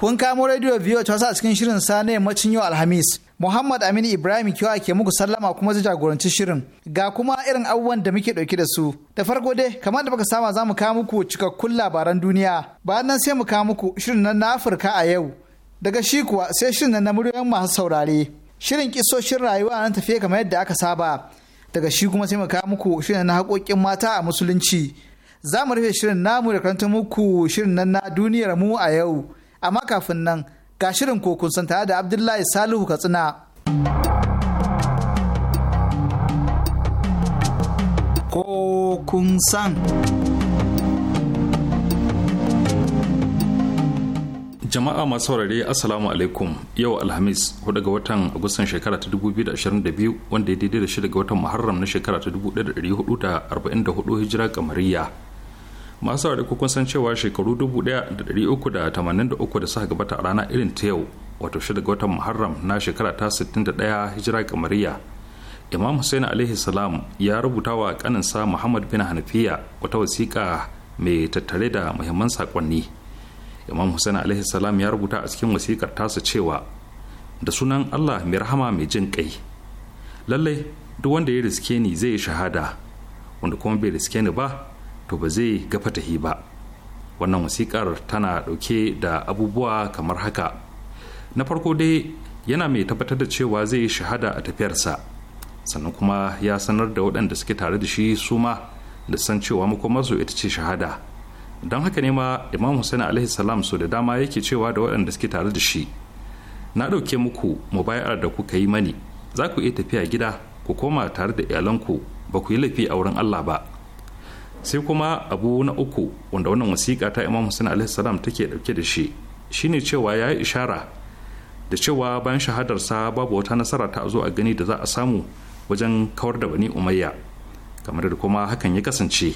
Kun kamo rediyo biyu ta a cikin shirin sa macin yau Alhamis. Muhammad Aminu Ibrahim Kiwa ke muku sallama kuma zai jagoranci shirin. Ga kuma irin abubuwan da muke ɗauki da su. Da farko dai, kamar da baka sama za mu kawo muku cikakkun labaran duniya. Bayan nan sai mu kawo muku shirin nan na Afirka a yau. Daga shi kuwa sai shirin nan na muryoyin masu saurare. Shirin kisoshin rayuwa nan tafiye kamar yadda aka saba. Daga shi kuma sai mu kawo muku shirin na haƙoƙin mata a musulunci. Za mu rufe shirin namu da karanta muku shirin nan na duniyar mu a yau. amma kafin nan ga shirin kokun san tare da Abdullahi Salihu Katsina. kokun san. Jama'a masu saurare Assalamu alaikum yau Alhamis hudu ga watan Agustan shekara ta 2022 wanda ya daidai da shi ga watan Muharram na shekara ta 1444 Hijira kamariya. masu ko kun san cewa shekaru 1383 da suka gabata a rana irin ta yau wato shida ga watan muharram na shekara ta 61 hijira kamariya imam hussein alaihi salam ya rubuta wa kaninsa muhammad bin hanafiya wata wasiƙa mai tattare da muhimman saƙonni imam hussein alaihi salam ya rubuta a cikin wasiƙar tasa cewa da sunan allah mai rahama mai jin kai lallai duk wanda ya riske ni zai yi shahada wanda kuma bai riske ni ba to ba zai ga fatahi ba wannan wasikar tana ɗauke da abubuwa kamar haka na farko dai yana mai tabbatar da cewa zai shahada a tafiyarsa sannan kuma ya sanar da waɗanda suke tare da shi su ma da san cewa makomarsu ita ce shahada don haka ne ma imam hussein alaihi salam so da dama yake cewa da waɗanda suke tare da shi na ɗauke muku mubayar da kuka yi mani za ku iya tafiya gida ku koma tare da iyalanku ba ku yi laifi a wurin allah ba sai kuma abu na uku wanda wannan wasiƙa ta imam hussein alaihi salam take dauke da shi shine cewa ya yi ishara da cewa bayan shahadarsa babu wata nasara ta zo a gani da za a samu wajen kawar da bani umayya kamar da kuma hakan ya kasance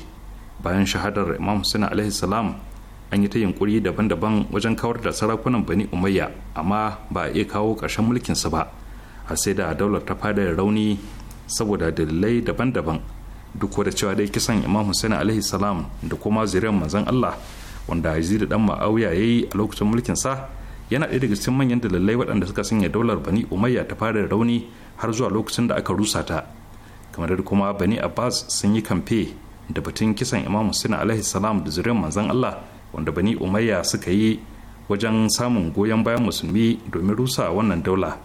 bayan shahadar imam hussein alaihi salam an yi ta yunkuri daban-daban wajen kawar da sarakunan bani umayya amma ba a iya kawo ƙarshen mulkinsa ba a sai da daular ta fada rauni saboda dalilai daban-daban duk da cewa dai kisan imam hussein alaihi salam da kuma zuriyar manzon allah wanda da dan ma'auya ya yi a lokacin mulkin sa yana ɗaya daga cikin manyan dalilai waɗanda suka sanya daular bani umayya ta fara da rauni har zuwa lokacin da aka rusa ta kamar da kuma bani abbas sun yi kamfe da batun kisan imam hussein alaihi salam da zuriyar manzon allah wanda bani umayya suka yi wajen samun goyon bayan musulmi domin rusa wannan daula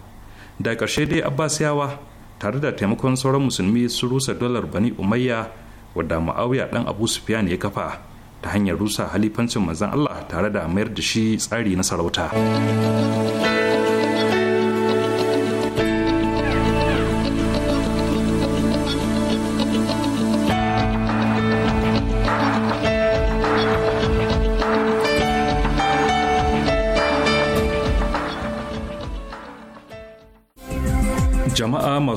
da ƙarshe dai abbasiyawa tare da taimakon sauran musulmi su rusa dolar bani umayya wadda ma'auya dan abu sufyan ya kafa ta hanyar rusa halifancin manzon allah tare da mayar da shi tsari na sarauta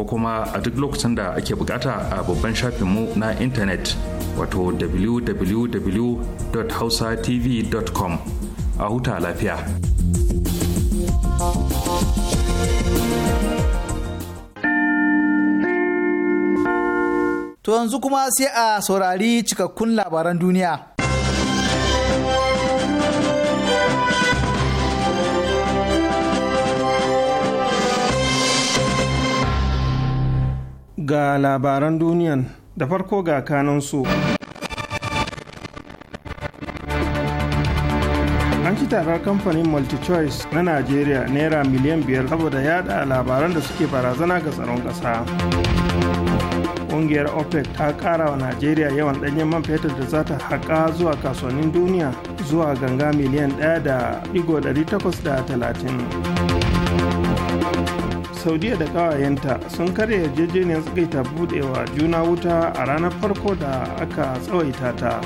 ko kuma a duk lokacin da ake bukata a babban shafinmu na intanet wato www.hausatv.com a huta lafiya. To yanzu kuma sai a saurari cikakkun labaran duniya. ga labaran duniyan da farko ga kanansu. An ci tarar kamfanin MultiChoice na Najeriya Naira miliyan biyar saboda yada labaran da suke barazana ga tsaron ƙasa. Ƙungiyar OPEC ta ƙara wa Najeriya yawan ɗanyen man fetur da za ta haƙa zuwa kasuwannin duniya zuwa ganga miliyan ɗaya da ɗigo ɗari takwas da talatin. saudiya da ƙawayenta sun karya yarjejeniyar tsagaita budewa juna wuta a ranar farko da aka tsawaita ta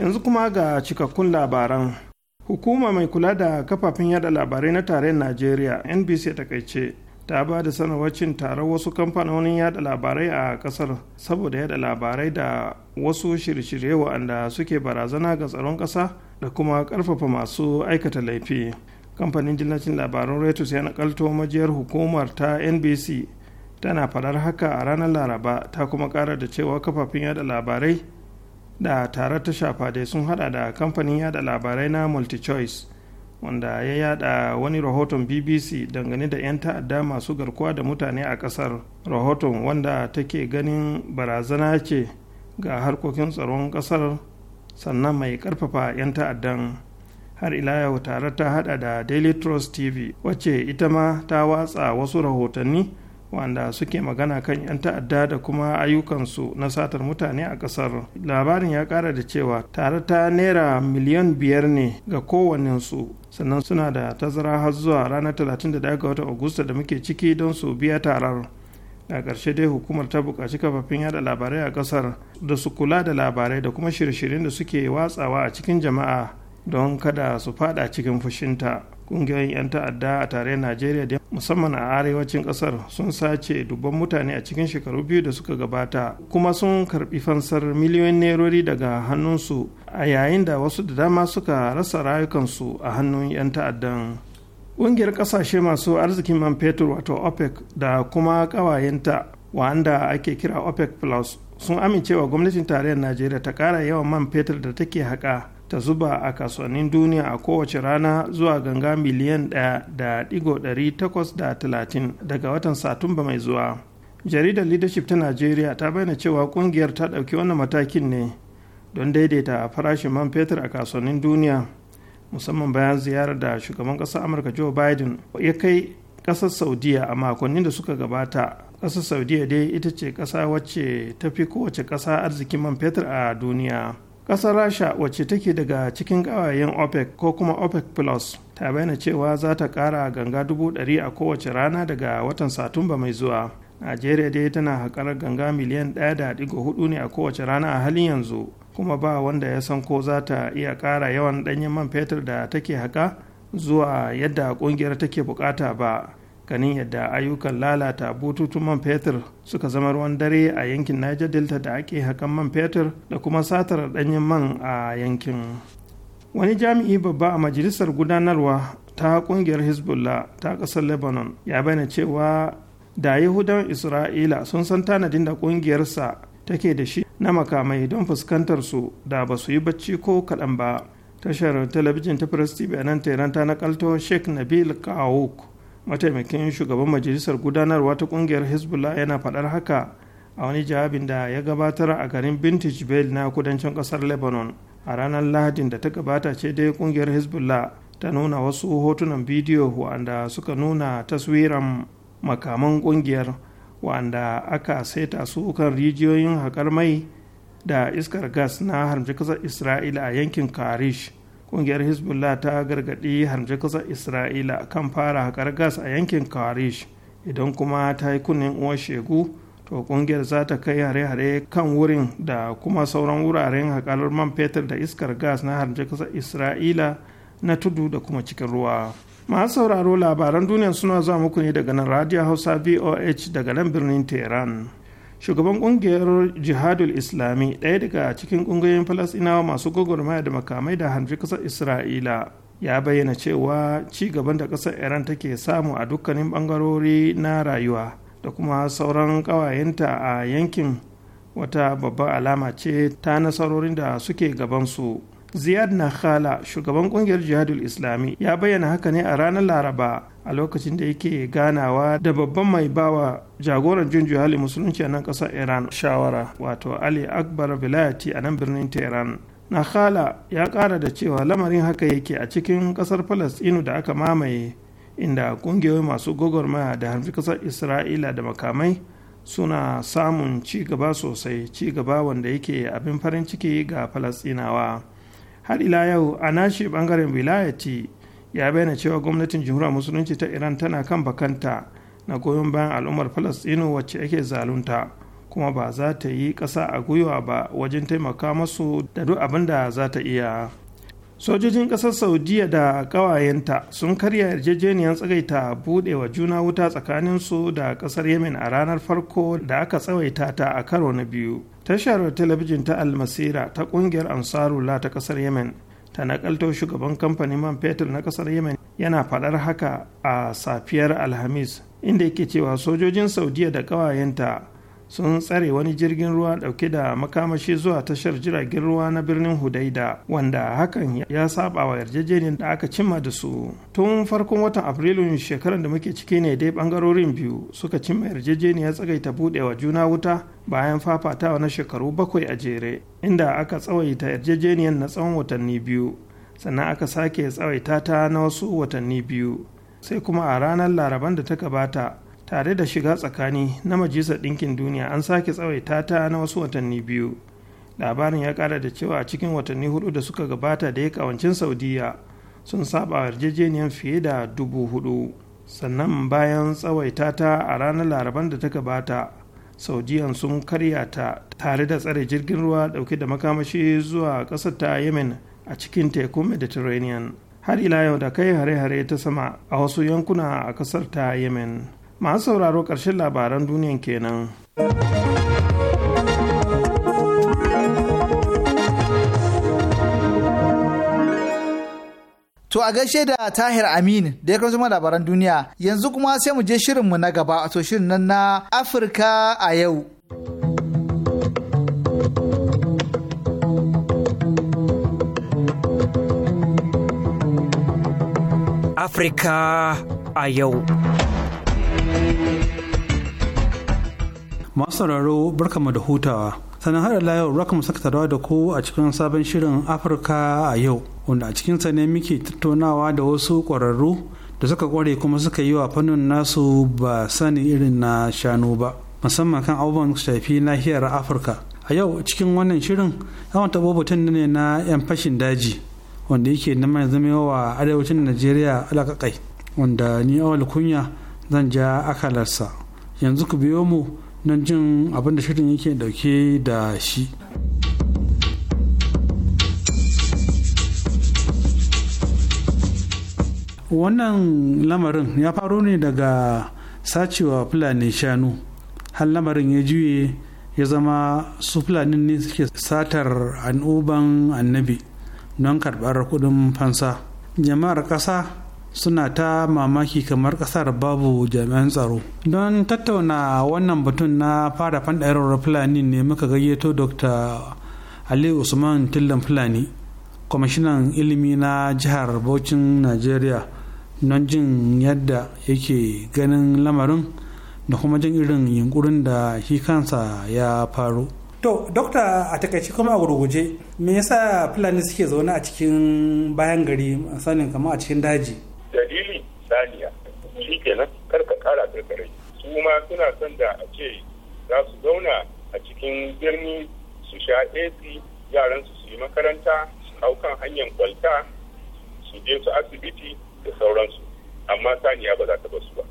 yanzu kuma ga cikakkun labaran hukuma mai kula da kafafen yada labarai na tarayyar najeriya nbc takaice ta ba da sanarwacin taron wasu kamfanonin yada labarai a kasar saboda yada labarai da wasu shirye-shirye wa'anda suke barazana ga tsaron kasa da kuma ƙarfafa masu aikata laifi kamfanin dillacin labarun reuters ya nakalto majiyar hukumar ta nbc tana faɗar haka a ranar laraba ta kuma ƙara da cewa kafafen yada labarai da tare ta shafa dai sun hada da kamfanin yada labarai na multichoice wanda ya yada wani rahoton bbc dangane da 'yan ta'adda masu garkuwa da mutane a ƙasar rahoton wanda take ganin barazana ce ga harkokin tsaron ƙasar sannan mai ƙarfafa 'yan ta'addan har ila yau tare ta hada da daily trust tv wacce ita ma ta watsa wasu rahotanni wanda suke magana kan 'yan ta'adda da kuma ayyukansu na satar mutane a ƙasar labarin ya ƙara da cewa tare ta naira miliyan biyar ne ga kowannensu sannan suna da tazara har zuwa ranar 31 ga watan agusta da muke ciki don su biya tarar a ƙarshe dai hukumar ta buƙaci kafafin yada labarai a ƙasar da su kula da labarai da kuma shirye-shiryen da suke watsawa a cikin jama'a don kada su fada cikin fushinta ƙungiyoyin 'yan ta'adda a tare najeriya da musamman a arewacin ƙasar sun sace dubban mutane a cikin shekaru biyu da suka gabata kuma sun karbi fansar miliyoyin nerori daga hannunsu a yayin da wasu da dama suka rasa rayukansu a hannun 'yan ta'addan ƙungiyar ƙasashe masu arzikin man fetur wato opec da kuma ƙawayenta wanda ake kira opec plus sun amincewa gwamnatin tarayyar najeriya ta ƙara yawan man fetur da take haƙa ta zuba a kasuwannin duniya a kowace rana zuwa ganga miliyan ɗaya da ɗigo ɗari takwas da talatin daga watan satumba mai zuwa jaridar leadership ta najeriya ta bayyana cewa kungiyar ta ɗauki wannan matakin ne don daidaita farashin man fetur a kasuwannin duniya musamman bayan ziyarar da shugaban ƙasar amurka joe biden ya kai ƙasar saudiya a makonnin da suka gabata ƙasar saudiya dai ita ce ƙasa wacce ta fi kowace ƙasa arzikin man fetur a duniya kasar rasha wacce take daga cikin ƙawayen opec ko kuma opec plus ta bayyana cewa za ta kara ganga dubu ɗari a kowace rana daga watan satumba mai zuwa najeriya dai tana haƙar ganga miliyan ɗaya da ɗigo hudu ne a kowace rana a halin yanzu kuma ba wanda ya san ko za ta iya ƙara yawan ɗanyen man fetur da take haƙa zuwa yadda ƙungiyar take buƙata ba kanin yadda ayyukan lalata bututun man fetur suka zama ruwan dare a yankin niger delta da ake hakan man fetur da kuma satar danyen man a yankin wani jami'i babba a majalisar gudanarwa ta kungiyar hezbollah ta kasar lebanon ya bayyana cewa da yahudan isra'ila sun san tanadin da kungiyarsa take da shi na makamai don fuskantar su da ba su yi bacci ko kaɗan ba tashar talabijin ta press tv a nan tehran ta nakalto sheikh nabil kawuk mataimakin shugaban majalisar gudanarwa ta kungiyar hezbollah yana faɗar haka a wani jawabin da ya gabatar a garin vintage bell na kudancin ƙasar lebanon a ranar lahadin da ta gabata ce dai kungiyar hezbollah ta nuna wasu hotunan bidiyo wanda suka nuna taswiran makaman kungiyar wanda aka saita su kan rijiyoyin haƙar mai da iskar gas na harmci ƙasar isra'ila a yankin karish kungiyar hezbollah ta gargaɗi harmce kasar isra'ila kan fara haƙar gas a yankin karish idan kuma ta yi kunnen uwar shegu to kungiyar za ta kai hare-hare kan wurin da kuma sauran wuraren haƙar man fetur da iskar gas na harmce kasar isra'ila na tudu da kuma cikin ruwa masu sauraro labaran duniya suna zuwa muku ne daga nan radio hausa voh daga nan birnin tehran shugaban kungiyar jihadul islami ɗaya daga cikin ƙungiyoyin falasinawa masu gwagwarmaya da makamai da hanfi ƙasar isra'ila ya bayyana cewa ci gaban da ƙasar iran take samu a dukkanin ɓangarori na rayuwa da kuma sauran ƙawayenta a yankin wata babbar alama ce ta nasarorin da suke gabansu. ziyad nakhala shugaban kungiyar jihadul islami ya bayyana haka ne a ranar laraba a lokacin da yake ganawa da babban mai bawa jagoran jin juhali musulunci a nan ƙasar iran shawara wato ali akbar vilayati a nan birnin tehran nakhala ya ƙara da cewa lamarin haka yake a cikin ƙasar Falasɗinu da aka mamaye inda ƙungiyoyi masu gwagwarmaya da harfi ƙasar isra'ila da makamai suna samun ci gaba sosai ci gaba wanda yake abin farin ciki ga falastinawa har ila yau a nashi bangaren wilayati ya bayyana cewa gwamnatin jihura musulunci ta iran tana kan bakanta na goyon bayan al'ummar falastinu wacce ake zalunta kuma ba za ta yi ƙasa a gwiwa ba wajen taimaka masu da duk abin da za ta iya sojojin ƙasar saudiya da ƙawayenta sun karya yarjejeniyar tsagaita buɗe wa juna wuta tsakaninsu da ƙasar yemen a ranar farko da aka tsawaita ta a karo na biyu tashar talabijin ta almasira ta kungiyar ansarula ta kasar yemen ta nakalto shugaban kamfanin man fetur na kasar yemen yana faɗar haka a safiyar alhamis inda yake cewa sojojin saudiya da ƙawayenta sun tsare wani jirgin ruwa dauke da makamashi zuwa tashar jiragen ruwa na birnin hudaida wanda hakan ya saba wa yarjejeniyar da aka cimma da su tun farkon watan afrilun shekarar da muke ciki ne dai bangarorin biyu suka cimma yarjejeniyar tsagaita wa juna wuta bayan fafatawa na shekaru bakwai a jere inda aka tsawaita yarjejeniyar na tsawon watanni biyu sannan aka sake tsawaita ta na wasu watanni biyu sai kuma a ranar laraban da ta gabata tare da shiga tsakani na majalisar ɗinkin duniya an sake tsawaita ta na wasu watanni biyu labarin ya kara da cewa a cikin watanni hudu da suka gabata da ya kawancin saudiya sun saba yarjejeniyar fiye da dubu hudu sannan bayan tsawaita ta a ranar laraban da ta gabata saudiyan sun karya ta tare da tsare jirgin ruwa dauke da makamashi zuwa ƙasar ta yemen a cikin tekun mediterranean har ila yau da kai hare-hare ta sama a wasu yankuna a ƙasar ta yemen masu sauraro ƙarshen labaran duniyan kenan. To a gaishe da Tahir Amin da ya kuma labaran duniya yanzu kuma sai mu je shirinmu na gaba a to shirin nan na Afirka a yau. Afirka a yau. masu sauraro barkamu da hutawa sannan har ila yau rakamu sakatarwa da ku a cikin sabon shirin afirka a yau wanda a cikinsa ne muke tattaunawa da wasu ƙwararru da suka kware kuma suka yi wa fannin nasu ba sani irin na shanu ba musamman kan abubuwan shafi nahiyar afirka a yau cikin wannan shirin yawan taɓo batun ne na 'yan fashin daji wanda yake na mai zama arewacin najeriya alakakai wanda ni awal kunya zan ja akalarsa yanzu ku biyo mu don jin abin da shirin yake dauke da shi wannan lamarin ya faro ne daga sacewa fulani shanu har lamarin ya juye ya zama su fulani ne suke satar an'uban annabi don karɓar kudin fansa jama'ar ƙasa suna ta mamaki kamar kasar babu jami'an tsaro don tattauna wannan batun na fara fanɗarar fulani ne muka gayyato dr ali usman tillan fulani kwamishinan ilimi na jihar bauchin nigeria don jin yadda yake ganin lamarin da kuma jin irin yunkurin da shi kansa ya faru to dokta a takaici kuma a gurguje me yasa fulani suke zaune a cikin bayan gari sanin kama a cikin daji dalili saniya shi kenan kar ka kara karkare su ma suna son da a ce za su zauna a cikin birni su sha ac yaran su yi makaranta su hau kan hanyar kwalta su je su asibiti da sauransu amma saniya ba za ta basu ba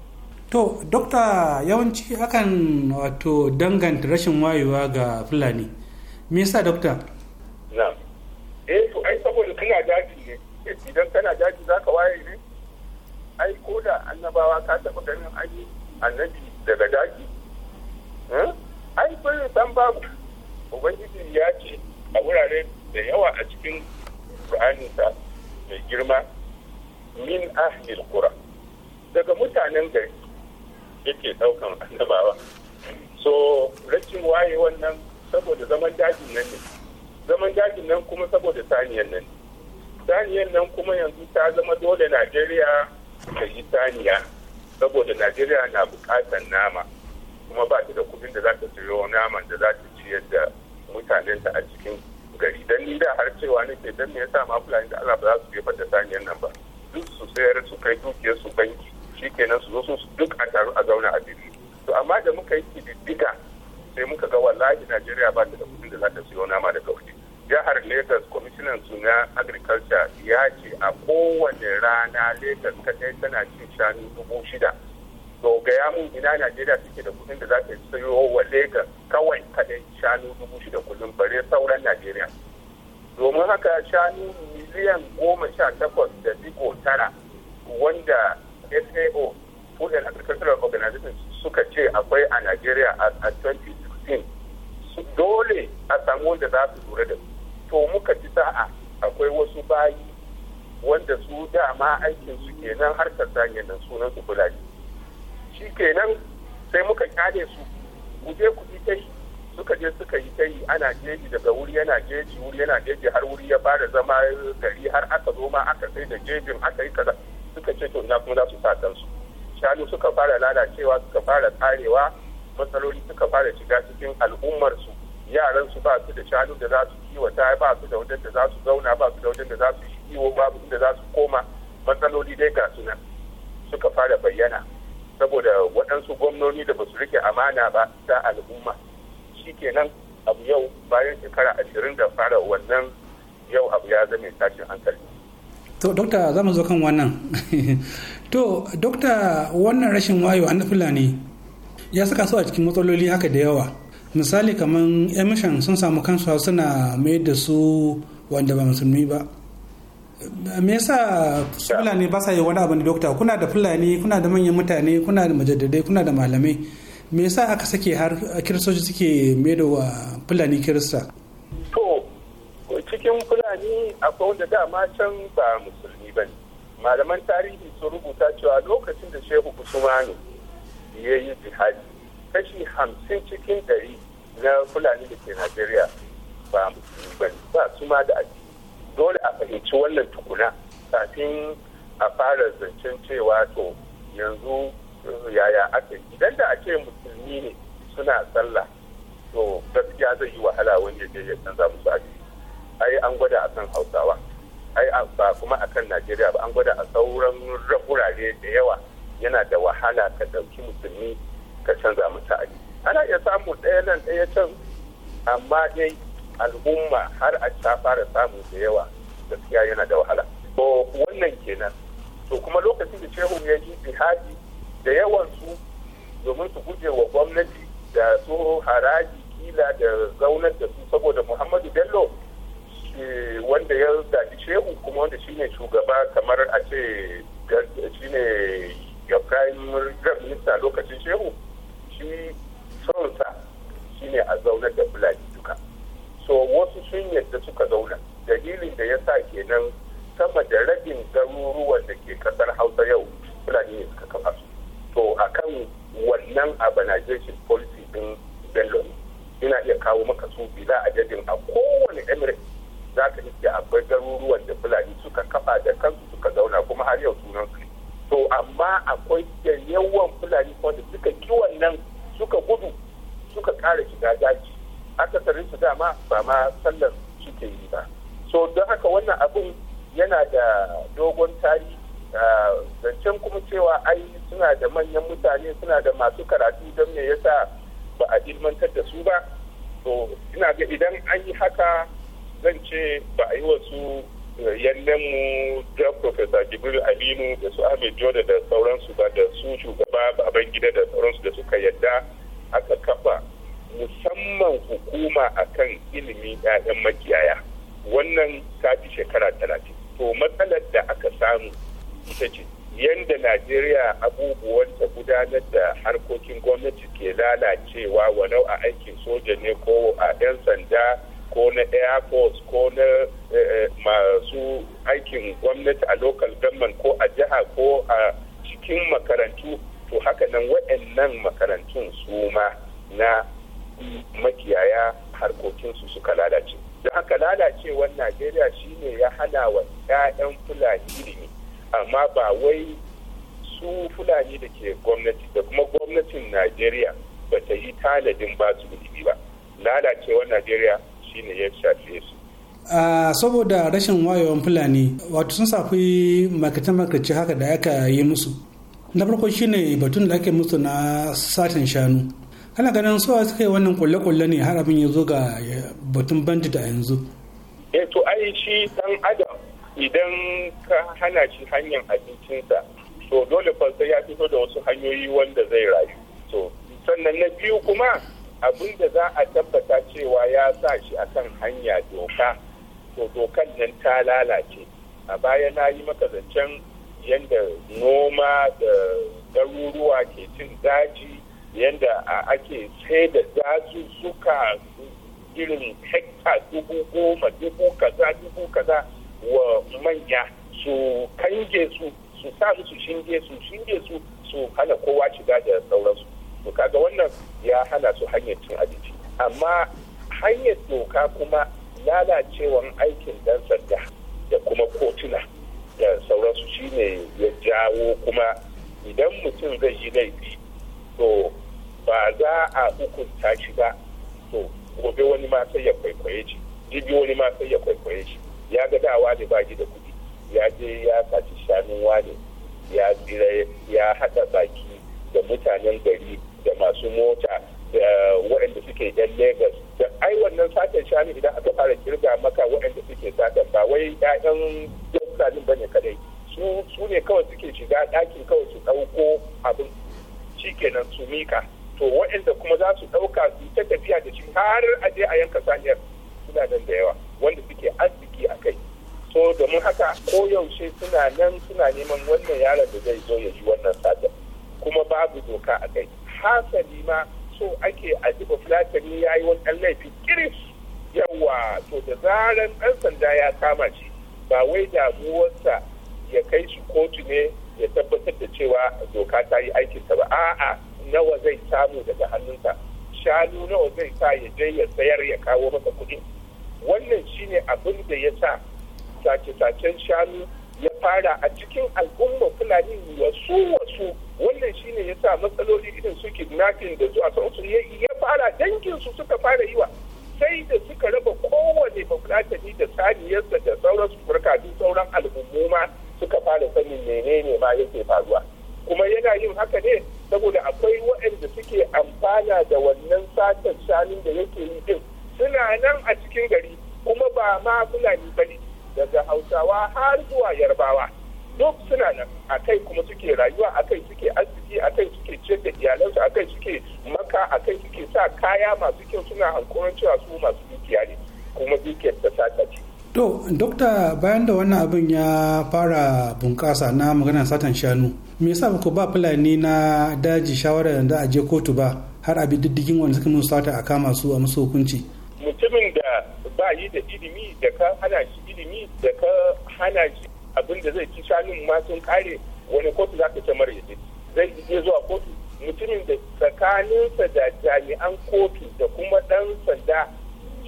to dokta yawanci akan wato danganta rashin wayewa ga fulani me yasa dokta na eh to ai saboda kana daji ne idan kana daji za waye ne ai ko da annabawa ka taɓa ganin an annabi daga daki hmm? ai bai san babu ubangiji ya ce a wurare da yawa a cikin ƙur'aninsa mai girma min ahlil qura daga mutanen gari yake ɗaukan annabawa so rashin waye wannan saboda zaman dajin nan ne zaman dajin nan kuma saboda saniyan nan saniyan nan kuma yanzu ta zama dole najeriya ka yi saniya saboda najeriya na bukatar nama kuma ba ta da kudin da za ta siyo naman da za ta ciyar da mutanen ta a cikin gari dan ni da har cewa ke dan me yasa ma fulani da Allah ba za su jefa da saniyar nan ba duk su sayar su kai dukiyar su banki shikenan su zo su duk a taru a zauna a birni to amma da muka yi kididdiga sai muka ga wallahi Najeriya ba ta da kudin da za ta siyo nama da kawai jihar legas kwamishinan su na agriculture ya ce a kowane rana lagos kadai tana cin shanu dubu shida to ga ya mun ina najeriya suke da kuɗin da za ta sayo wa legas kawai kadai shanu dubu shida kullum bare sauran najeriya domin haka shanu miliyan goma sha takwas da digo tara wanda sao food and agricultural organization suka ce akwai a najeriya a 2016 dole a samu wanda za su lura da su to muka ci sa'a akwai wasu bayi wanda su dama aikin su kenan harkar zanyen nan sunan su bulaji shi kenan sai muka kyale su kuje ku yi ta yi suka je suka yi ta yi ana jeji daga wuri yana jeji wuri yana jeji har wuri ya fara zama gari har aka zo ma aka sai da jejin aka yi kaza suka ce to ina kuma za su sa su shanu suka fara lalacewa suka fara karewa matsaloli suka fara shiga cikin al'ummar su yaran su ba su da shanu da za su makiwata ba su da wajen da za su zauna ba su da wajen da za su yi ba babu inda za su koma matsaloli dai ga suna suka fara bayyana saboda waɗansu gwamnoni da ba su rike amana ba ta al'umma shi shikenan abu yau bayan shekara ashirin da fara wannan yau abu ya zame tashin hankali to dokta za mu zo kan wannan to dokta wannan rashin wayo an fulani ya saka su a cikin matsaloli haka da yawa misali kamar emission sun samu kansu suna mai da su wanda ba musulmi ba me yasa fulani ba sa yi wani abin da dokta kuna da fulani kuna da manyan mutane kuna da majaddadai kuna da malamai me yasa aka sake har kiristoci suke mai da wa fulani kirista to cikin fulani akwai wanda dama can ba musulmi ba ne malaman tarihi sun rubuta cewa lokacin da shehu kusumani ya yi jihadi kashi hamsin cikin dari na fulani da ke najeriya ba ba su ma da addini dole a fahimci wannan tukuna kafin a fara zancen cewa to yanzu yaya aka idan da ake musulmi ne suna sallah to gaskiya zai yi wahala wanda ya ya canza musu addini ai an gwada a kan hausawa ai ba kuma a kan najeriya ba an gwada a sauran rahurare da yawa yana da wahala ka ɗauki musulmi ka canza mata sa'adi ana iya samu ɗaya nan ɗaya can amma dai al'umma har a ta fara samu da yawa gaskiya yana da wahala to wannan kenan to kuma lokacin da shehu ya yi jihadi da yawan su domin su guje wa gwamnati da su haraji kila da zaunar da su saboda muhammadu bello wanda ya zabi shehu kuma wanda shine shugaba kamar a ce shine ya prime minister lokacin shehu shi sonsa ne a zaunar da fulani duka so wasu sun yadda suka zauna dalilin da ya sa kenan sama da rabin garuruwan da ke kasar hausa yau fulani ne suka kafa su to a kan wannan urbanization policy din bello ne ina iya kawo maka su bila a adadin a kowane emirate za ka iya akwai garuruwan ma sallar suke yi ba so don haka wannan abun yana da dogon tarihi zancen kuma cewa ai suna da manyan mutane suna da masu karatu don me yasa ba a ilmantar da su ba to ina ga idan an yi haka zan ce ba a yi wasu eh, mu da Profesa Jibril Aminu da su Ahmed Jordan da sauransu ba da su shugaba Babangida da sauransu da suka yadda aka kafa musamman hukuma akan ilimin 'ya'yan makiyaya wannan kafi shekara talatin to matsalar da aka samu ita ce yadda najeriya abubuwan ta gudanar da harkokin gwamnati ke lalacewa walau a aikin soja ne ko a 'yan sanda ko na air force ko na eh, eh, masu aikin gwamnati a local government ko a jiha ko a cikin makarantu to haka nan waɗannan makarantun su ma na makiyaya harkokinsu suka lalace da haka lalacewar najeriya shine ya hana wa 'ya'yan fulani ilimi amma ba wai su fulani da ke gwamnati da kuma gwamnatin najeriya ba ta yi taladin ba su ilimi ba lalacewar najeriya shine ya shafe su a saboda rashin wayewan fulani wato sun safi makace-makace haka da aka yi musu na farko shine batun da ake musu na satin shanu kana ganin sowa suka yi wannan kulle-kulle ne har abin ya zo ga batun bandit a yanzu eh to ai shi dan adam idan ka hana shi hanyar abincinsa to dole fa ya fito da wasu hanyoyi wanda zai rayu to sannan na biyu kuma abin da za a tabbata cewa ya sa shi a kan hanya doka to dokan nan ta lalace a baya na yi maka zancen yadda noma da garuruwa ke cin daji yadda ake sai da suka irin hekta dubu goma dubu kaza dubu kaza wa manya su kange su su sa musu shinge su shinge su su hana kowa shiga da sauransu to kaga wannan ya hana su hanyar cin abinci amma hanyar doka kuma lalacewan aikin dan sanda da kuma kotuna da sauransu shine ya jawo kuma idan mutum zai yi laifi to ba za a hukunta shi ba to gobe wani ma sai ya kwaikwaye shi jibi wani ma sai ya kwaikwaye shi ya ga dawa ne ba da kuɗi ya je ya saci shanun wane ya tsira ya haɗa baki da mutanen gari da masu mota da waɗanda suke yan Legas da ai wannan satan shanu idan aka fara kirga maka waɗanda suke satan ba wai 'ya'yan jokalin ba ne kadai su ne kawai suke shiga ɗakin kawai su ɗauko abin shi kenan su mika to waɗanda kuma za su ɗauka su ta tafiya da shi har a je a yanka saniyar suna nan da yawa wanda suke arziki a kai so domin haka ko yaushe suna nan suna neman wannan yaron da zai zo ya yi wannan satar kuma babu doka a kai hasali ma so ake a jiba fulatani ya yi wani ɗan laifi kiris yawa to da zaran ɗan sanda ya kama shi ba wai damuwarsa ya kai shi kotu ne ya tabbatar da cewa doka ta yi aikinta ba a'a nawa zai samu daga hannunsa shanu nawa zai sa ya je ya sayar ya kawo masa kuɗi wannan shine abin da ya sa sace-sacen shanu ya fara a cikin al'umma fulani wasu wasu wannan shine ya sa matsaloli irin su kidnapping da zuwa sauransu ya fara danginsu suka fara yiwa sai da suka raba kowane bafulatani da saniyarsa da sauran duk sauran al'ummuma suka fara sanin menene ma yake faruwa kuma yana yin haka ne saboda akwai waɗanda suke amfana da wannan satar shanun da yake yi din suna nan a cikin gari kuma ba ma fulani ne daga hausawa har zuwa yarbawa duk suna nan a kai kuma suke rayuwa a kai suke arziki a kai suke ciyar da iyalansu a kai suke maka a kai suke sa kaya masu kyau suna hankoron cewa su masu dukiya ne kuma dukiyar ta sata ce to dokta bayan da wannan abin ya fara bunƙasa na maganar satan shanu me yasa ba ku ba fulani na daji shawarar da a je kotu ba har abi diddigin wanda suka musu sata a kama su a musu hukunci mutumin da ba yi da ilimi da ka hana shi ilimi da ka hana shi abin da zai ci shanun ma sun kare wani kotu za ka tamar mara yaje zai iya zuwa kotu mutumin da tsakaninsa da jami'an kotu da kuma ɗan sanda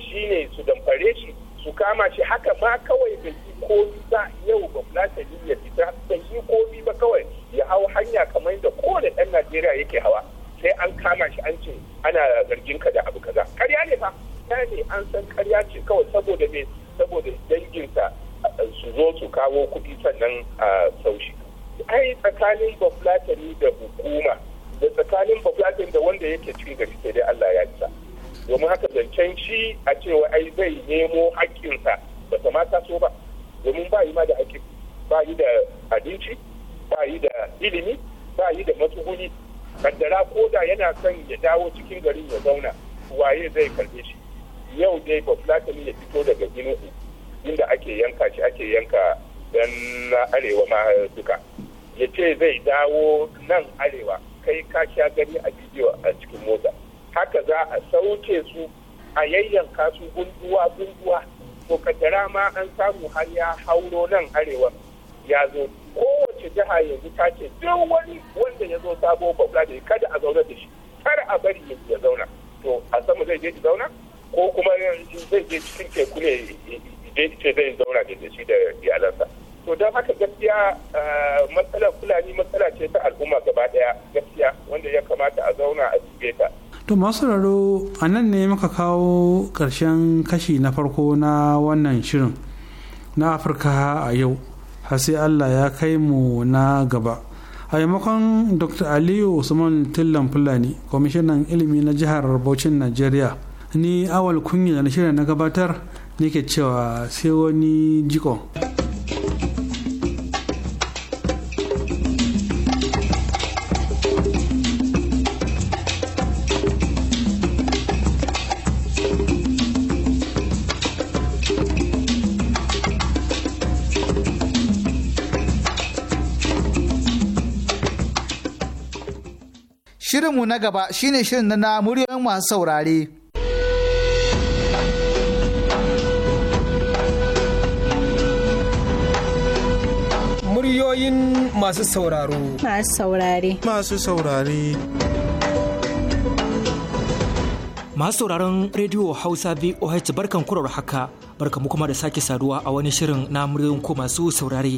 shine su damfare shi su kama shi haka ma kawai bai yi komi ba yau ba fulatani ya fita bai yi komi ba kawai ya hau hanya kamar da kowane ɗan najeriya yake hawa sai an kama shi an ce ana zargin ka da abu kaza karya ne fa ne an san karya ce kawai saboda me saboda danginsa eh, su zo su kawo kuɗi sannan a saushi ai tsakanin bafulatani da hukuma da tsakanin bafulatani da wanda yake cikin gari sai dai Allah ya isa domin haka zancen shi a cewa ai zai nemo haƙƙinsa ba ta mata so ba domin ba yi ma da haƙƙi ba yi da abinci ba yi da ilimi ba yi da matsuguni kaddara ko da yana son ya dawo cikin garin ya zauna waye zai karbe shi yau dai ba fulatani ya fito daga ginin inda ake yanka shi ake yanka dan arewa ma duka ya ce zai dawo nan arewa kai ka sha gani a bidiyo a cikin mota haka za a sauke su a yayyanka su gunduwa gunduwa to kadara ma an samu har ya hauro nan arewa ya zo kowace jiha yanzu ta ce duk wani wanda ya zo sabo babla da kada a zauna da shi kar a bari ya zauna to a sama zai je zauna ko kuma zai je cikin teku ne je zai zauna da shi da iyalansa to don haka gaskiya ah, matsalar fulani matsala ce ta al'umma gaba daya gaskiya wanda ya kamata a zauna a cike ta to masu raro a nan ne muka kawo ƙarshen kashi na farko na wannan shirin na afirka a yau sai allah ya kai mu na gaba a maimakon dr aliyu usman tillan fulani kwamishinan ilimi na jihar bauchin najeriya ni awal kunya na shirin na gabatar nake cewa sai wani jikon. Shirinmu na gaba shine shirin na muryoyin masu saurare. Muryoyin masu sauraro. Masu saurare. Masu saurare. Masu sauraron rediyo Hausa VOH barkan kurar haka, barkamu kuma da sake saduwa a wani shirin na muryoyin ko masu saurare.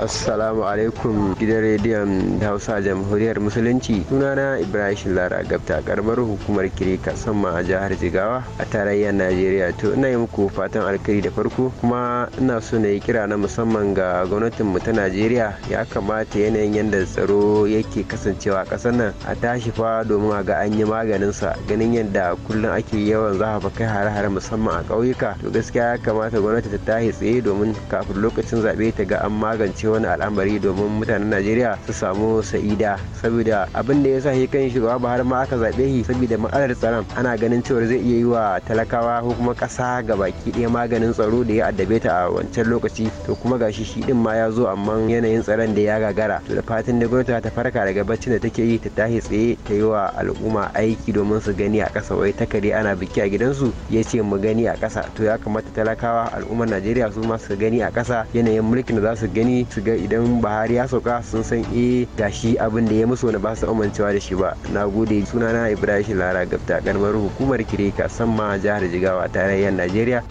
assalamu alaikum gidan rediyon hausa jamhuriyar musulunci sunana ibrahim lara gabta karamar hukumar kirika sama a jihar jigawa a tarayyar najeriya to ina yi muku fatan alkari da farko kuma ina so na yi kira na musamman ga gwamnatin mu ta najeriya ya kamata yanayin yadda tsaro yake kasancewa a ƙasar nan a tashi fa domin a ga an yi maganin sa ganin yadda kullum ake yawan zahafa kai hare-hare musamman a ƙauyuka to gaskiya ya kamata gwamnati ta tashi tsaye domin kafin lokacin zaɓe ta ga an magance magance wani al'amari domin mutanen najeriya su samu sa'ida saboda abin da ya sa shi kan shugaba buhari ma aka zaɓe shi saboda matsalar tsaron ana ganin cewa zai iya yi wa talakawa ko kuma kasa ƙasa baki ɗaya maganin tsaro da ya addabe ta a wancan lokaci to kuma gashi shi din ma ya zo amma yanayin tsaron da ya gagara to da fatan da gwamnati ta farka daga baccin da take yi ta tashi tsaye ta yi wa al'umma aiki domin su gani a kasa wai kare ana biki a gidansu ya ce mu gani a kasa to ya kamata talakawa al'ummar najeriya su ma su gani a kasa yanayin mulkin da za su gani su ga idan buhari ya sauka sun san eh gashi abin da ya musu wani ba su amincewa da shi ba na gode sunana ibrahim lara gafta karamar hukumar kirika samma jihar jigawa tarayyar najeriya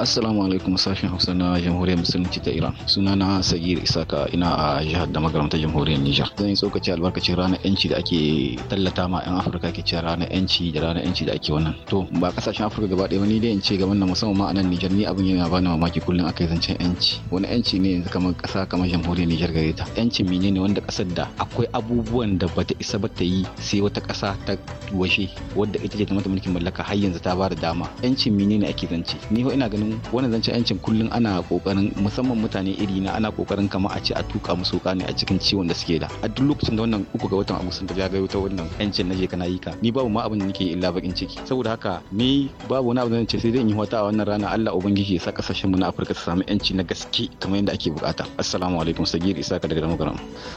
Assalamu alaikum sashen Hausa na Jamhuriyar Musulunci ta Iran. Suna na Sagir Isaka ina a jihar da magaramta Jamhuriyar Nijar. Zan yi tsokaci albarkacin ranar yanci da ake tallata ma 'yan Afirka ke cewa ranar yanci da ranar yanci da ake wannan. To ba kasashen Afirka gaba ɗaya wani dai in ce gaban na musamman ma a nan Nijar ni abin yana bani mamaki kullum akai zancen yanci. Wani yanci ne yanzu kamar ƙasa kamar Jamhuriyar Nijar gare ta. Yancin mine ne wanda ƙasar da akwai abubuwan da bata isa ba ta yi sai wata ƙasa ta washe wadda ita ce ta mata mulkin mallaka har yanzu ta ba da dama. Yancin mine ne ake zance. Ni ina ganin wani zance yancin kullum ana kokarin musamman mutane iri na ana kokarin kama a ce a tuka musu wuka ne a cikin ciwon da suke da a duk lokacin da wannan uku ga watan agustan da zagayo ta wannan yancin na je kana yi ka ni babu ma abin da nake illa bakin ciki saboda haka ni babu wani abin da nace sai zan yi wata a wannan rana Allah ubangiji ya sa kasashen mu na Afirka su samu yanci na gaske kamar yadda ake bukata assalamu alaikum sagir isa ka daga magaram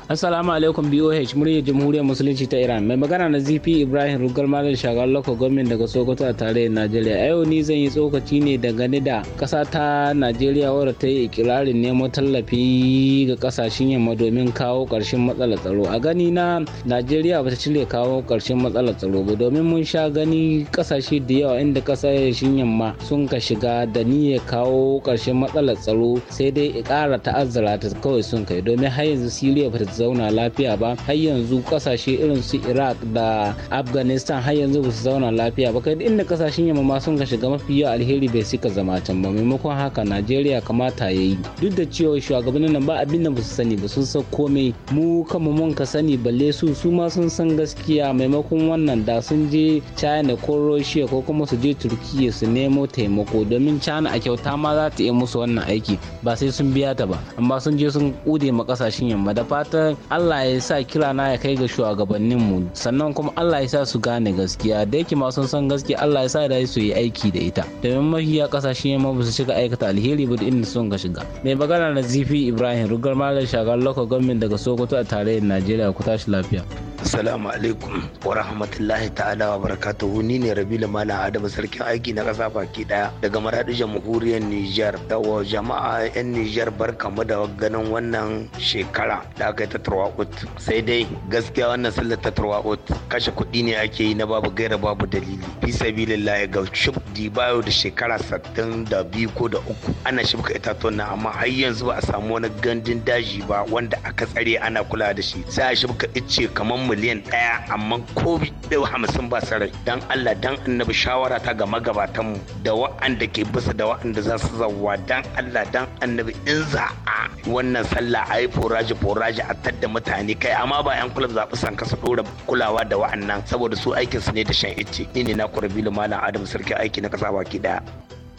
assalamu alaikum BOH murya jamhuriyar musulunci ta Iran mai magana na ZP Ibrahim Rugal Malam Shagal Lako gwamnati daga Sokoto a tarayyar Najeriya a yau ni zan yi tsokaci ne dangane da ƙasa ta najeriya wadda ta yi ikirarin neman tallafi ga ƙasashen yamma domin kawo ƙarshen matsalar tsaro a gani na najeriya ba ta cire kawo ƙarshen matsalar tsaro ba domin mun sha gani ƙasashe da yawa inda ƙasashen yamma sun ka shiga da niyyar kawo ƙarshen matsalar tsaro sai dai ƙara ta'azzara ta kawai sun kai domin har yanzu siriya ba ta zauna lafiya ba har yanzu ƙasashe irin su iraq da afghanistan har yanzu ba su zauna lafiya ba kai inda ƙasashen yamma ma sun ka shiga mafi yawa alheri bai suka zama can ba maimakon haka najeriya kamata ya yi duk da cewa shugabannin nan ba abin da ba su sani ba sun san komai mu kama mun ka sani balle su su ma sun san gaskiya maimakon wannan da sun je china ko russia ko kuma su je turkiya su nemo taimako domin china a kyauta ma za ta yi musu wannan aiki ba sai sun biya ta ba amma sun je sun kude ma kasashen yamma da fatan allah ya sa kira na ya kai ga shugabannin mu sannan kuma allah ya sa su gane gaskiya da yake ma sun san gaskiya allah ya sa da su yi aiki da ita domin mafiya kasashen manyan ma ba su cika aikata alheri ba da inda sun ga shiga mai magana na zifi ibrahim rugar malam shagar local gwamnati daga sokoto a tarayyar najeriya ku tashi lafiya Assalamu alaikum wa rahmatullahi ta'ala wa barakatuhu ni ne la Malam Adamu sarkin aiki na ƙasa baki daya daga maradin jamhuriyar Nijar da jama'a 'yan Nijar barkamu da ganin wannan shekara da aka yi ta turwaƙut sai dai gaskiya wannan sallar ta turwaƙut kashe kuɗi ne ake yi na babu gaira babu dalili fi sabilillahi ga di bayo da shekara sattin da biyu ko da uku ana shibka itatuwan na amma har yanzu ba a samu wani gandun daji ba wanda aka tsare ana kula da shi sai a shubka ice kamar miliyan ɗaya amma ko da hamsin ba sarai dan Allah dan annabi shawara ta ga magabatan mu da wa'anda ke bisa da wa'anda za su zawa dan Allah dan annabi in za a wannan sallah a yi foraji foraji a tadda mutane kai amma ba yan kulab zaɓi san kasa ɗora kulawa da wa'annan saboda su aikinsu ne da shan icce ni ne na kurabilu malam adam sarki aiki na kasa baki ɗaya.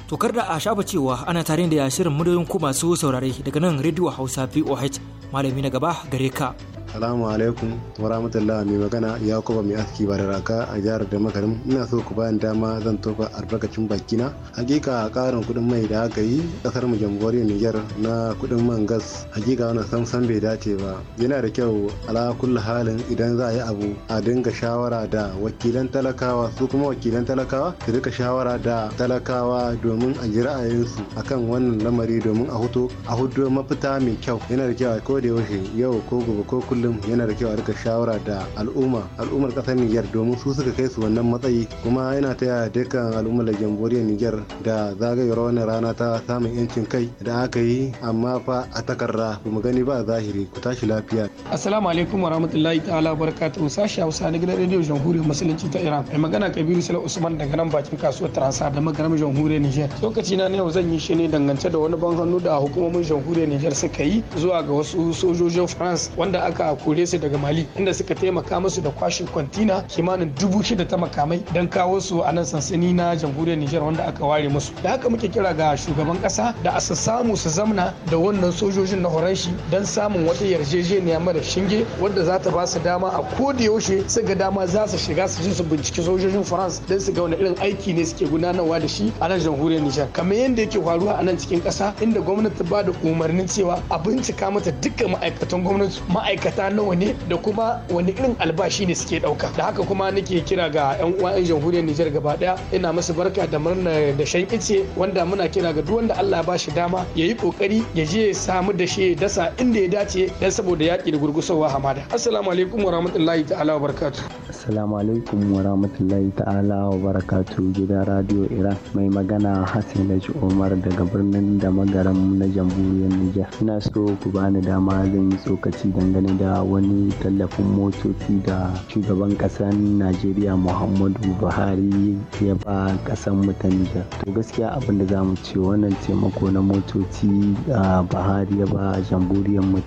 To da a shafa cewa ana tarihin da ya shirin muryoyin ku masu saurare daga nan Radio Hausa VOH malami na gaba gare ka. Salamu alaikum wa rahmatullah mai magana Yakuba mai aski ba da raka a jihar da makarim ina so ku bayan dama zan tofa albarkacin bakina. Hakika karin kuɗin mai da aka yi kasar mu jamhuriyar Niger na kuɗin man gas hakika wannan samsan bai dace ba. Yana da kyau ala kulli halin idan za a yi abu a dinga shawara da wakilan talakawa su kuma wakilan talakawa su rika shawara da talakawa domin a ji ra'ayinsu akan wannan lamari domin a huto a hudo mafita mai kyau yana da kyau a koda yaushe yau ko gobe ko kullum kullum yana da kyau a rika shawara da al'umma al'ummar kasar niger domin su suka kai su wannan matsayi kuma yana taya dukkan al'ummar jamhuriyar niger da zagayewar wannan rana ta samun yancin kai da aka yi amma fa a takarda mu gani ba zahiri ku tashi lafiya. Assalamu alaikum wa rahmatullahi ta'ala barakatuhu sashi Hausa na gidan rediyo jamhuriyar musulunci ta Iran mai magana Kabiru Sala Usman daga nan bakin kasuwar Transa da magaram jamhuriyar niger Lokaci na yau zan yi shi ne dangance da wani ban hannu da hukumomin jamhuriyar niger suka yi zuwa ga wasu sojojin France wanda aka a kore su daga mali inda suka taimaka musu da kwashe kwantina kimanin dubu shida ta makamai don kawo su a nan sansani na jamhuriyar nijar wanda aka ware musu da haka muke kira ga shugaban kasa da a samu su zamna da wannan sojojin na horanshi don samun wata yarjejeniya mara shinge wadda za ta ba su dama a koda yaushe su ga dama za su shiga su ji su binciki sojojin france don su ga wani irin aiki ne suke gudanarwa da shi a nan jamhuriyar nijar kamar yadda yake faruwa a nan cikin kasa inda gwamnati ba da umarnin cewa a bincika mata dukkan ma'aikatan gwamnati ma'aikata ma'aikata nawa ne da kuma wani irin albashi ne suke ɗauka da haka kuma nake kira ga 'yan uwa 'yan jamhuriyar Nijar gaba ɗaya ina musu barka da murna da shan ice wanda muna kira ga duk wanda Allah ba shi dama ya yi kokari ya je ya samu da shi ya dasa inda ya dace dan saboda yaƙi da gurgusawa hamada assalamu alaikum wa rahmatullahi ta'ala wa barakatuh assalamu alaikum wa rahmatullahi ta'ala wa barakatuh radio Iran mai magana Hassan Laji Omar daga birnin da magaran na jamhuriyar Nijar ina so ku bani dama zan yi tsokaci dangane da da wani tallafin motoci da shugaban ƙasar najeriya muhammadu buhari ya ba ƙasar mu to gaskiya abin da zamu mu ce wannan taimako na motoci a buhari ya ba jamhuriyar mu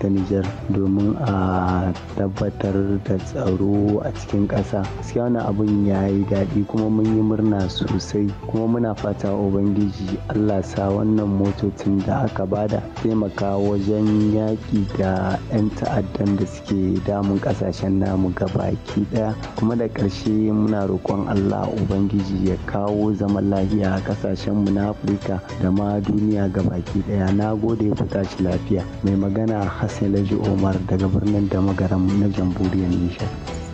domin a tabbatar da tsaro a cikin ƙasa gaskiya wannan abin ya yi daɗi kuma mun yi murna sosai kuma muna fata ubangiji allah sa wannan motocin da aka bada taimaka wajen yaƙi da 'yan ta'addan da suke damun kasashen namu gabaki daya kuma da ƙarshe muna roƙon allah ubangiji ya kawo zaman lafiya a kasashen mu na afirka da ma duniya gabaki daya na gode ku shi lafiya mai magana hassan laji omar daga birnin damagaram na jamhuriyar nisha.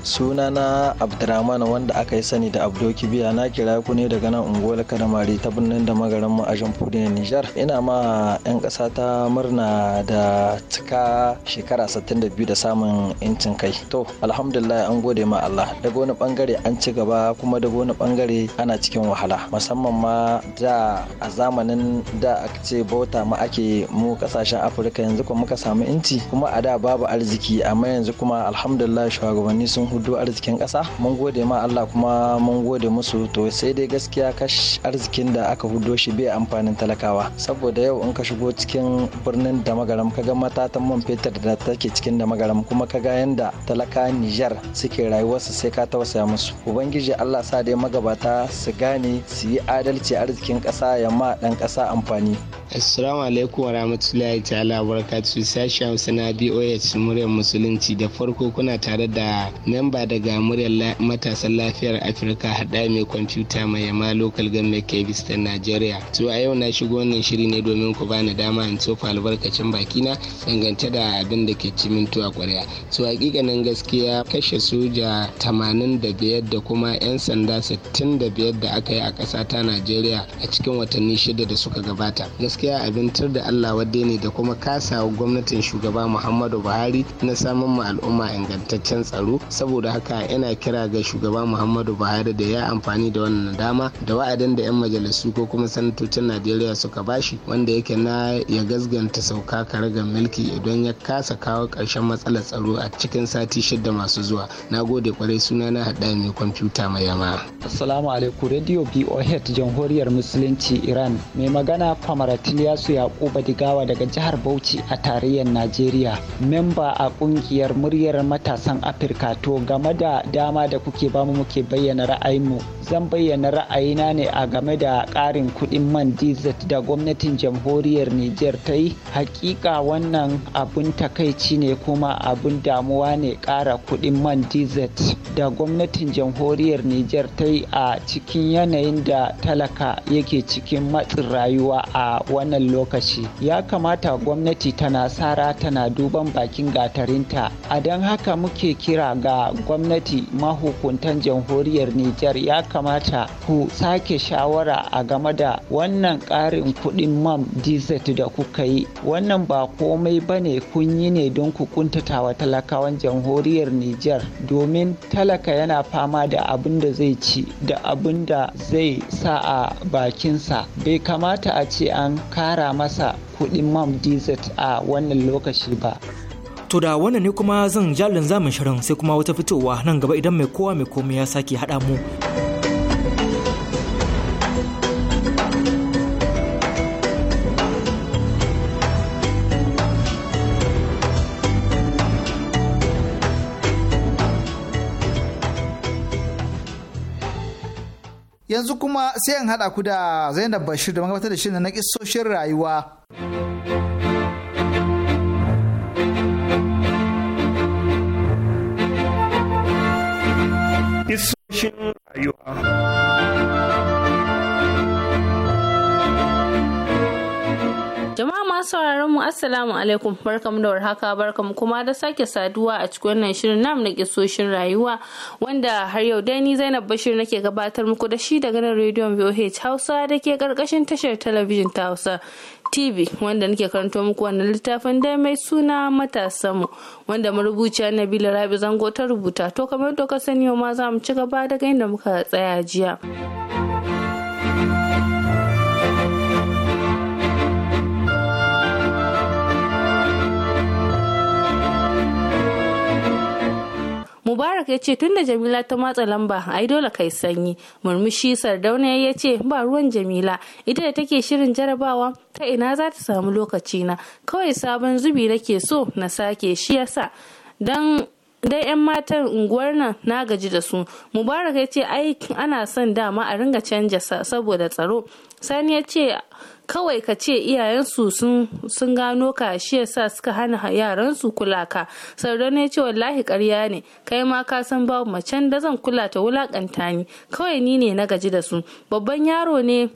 sunana abdurrahman wanda aka yi sani da abdo kibiya na kira ku ne daga nan unguwar kadamari ta birnin da magaran mu a jamhuriyar nijar ina ma yan ƙasa ta murna da cika shekara 62 da samun incin kai to alhamdulillah an gode ma allah daga wani bangare an ci gaba kuma daga wani bangare ana cikin wahala musamman ma da a zamanin da aka ce bauta ma ake mu kasashen afirka yanzu kuma muka samu inci kuma a da babu arziki amma yanzu kuma alhamdulillah shugabanni sun hudu arzikin ƙasa mun gode ma Allah kuma mun gode musu to sai dai gaskiya kash arzikin da aka hudo shi bai amfanin talakawa saboda yau in ka shigo cikin birnin da magaram ka ga matatan man fetur da take cikin da magaram kuma ka ga yanda talaka Nijar suke rayuwarsu sai ka tausaya musu ubangiji Allah sa dai magabata su gane su yi adalci arzikin ƙasa ma dan ƙasa amfani assalamu alaikum wa rahmatullahi ta'ala barakatuhu sashi hausa na BOH muryar musulunci da farko kuna tare da ba daga muryar matasan lafiyar afirka hada mai kwamfuta mai yama lokal government kebis ta nigeria to a yau na shigo wannan shiri ne domin ku bani dama in tofa albarkacin bakina dangance da abin da ke mintu a kwarya to hakikanin gaskiya kashe soja 85 da kuma 'yan sanda 65 da aka yi a ƙasa ta nigeria a cikin watanni shida da suka gabata gaskiya abintar da allah wadda ne da kuma kasawa gwamnatin shugaba muhammadu buhari na samun ma al'umma ingantaccen tsaro saboda saboda haka yana kira ga shugaba muhammadu buhari da ya amfani da wannan dama da wa'adin da 'yan majalisu ko kuma sanatocin najeriya suka bashi wanda yake na ya gazganta sauka ga mulki idan ya kasa kawo karshen matsalar tsaro a cikin sati shida masu zuwa na gode kwarai suna na haɗa mai kwamfuta mai yama assalamu alaikum radio boh jamhuriyar musulunci iran mai magana yasu yakuba digawa daga jihar bauchi a tarayyar najeriya memba a kungiyar muryar matasan afirka to game da dama da kuke bamu muke bayyana ra'ayinmu zan bayyana ra'ayina ne a game da ƙarin kuɗin man diesel da gwamnatin jamhuriyar Nijar ta yi hakika wannan abun takaici ne kuma abun damuwa ne ƙara kuɗin man diesel da gwamnatin jamhuriyar Nijar ta yi a cikin yanayin da talaka yake cikin matsin rayuwa a wannan lokaci ya kamata gwamnati tana sara tana duban bakin gatarinta a don haka muke kira ga gwamnati mahukuntan jamhuriyar Nijar ya kamata ku sake shawara a game da wannan ƙarin kuɗin man dizet da kuka yi. Wannan ba komai ba ne kun yi ne don ku wa talakawan jamhuriyar Nijar domin talaka yana fama da abin da zai ci da abin da zai sa a bakinsa. Bai kamata a ce an kara masa kuɗin man dizet a wannan lokaci ba. To da wannan ne kuma zan jalin zamun shirin sai kuma wata fitowa nan gaba idan mai kowa mai komai ya sake haɗa mu. Yanzu kuma sai in haɗa ku da Zainab Bashir da magabatar da shirin na kisoshin rayuwa. cikin rayuwa. Jama'a masu sauraron mu Assalamu alaikum barkamu da warhaka barkamu kuma da sake saduwa a cikin wannan shirin nam na kisoshin rayuwa wanda har yau dai ni Zainab Bashir nake gabatar muku da shi daga nan rediyon VOH Hausa da ke karkashin tashar talabijin ta Hausa TV wanda nake karanto muku wannan littafin dai mai suna matasanmu wanda marubuciya Nabila Rabi Zango ta rubuta to kamar yadda ka sani ma za mu ci gaba daga inda muka tsaya jiya. mubarak ya ce da jamila ta matsa lamba ai dole kai sanyi murmushi sardauna ya ce ba ruwan jamila ita da take shirin jarabawa ta ina za ta samu lokaci na kawai sabon zubi nake so na sake shi yasa dan dan 'yan matan unguwar nan na gaji da su mubarak ya ce ai ana son dama a ringa canja saboda tsaro sani ya ce kawai ka ce iyayensu sun gano ka shi yasa suka hana yaransu kula ka sauran ya ce wallahi karya ne kai ma ka san babu macen da zan kula ta wulakanta ni kawai ni ne na gaji da su babban yaro ne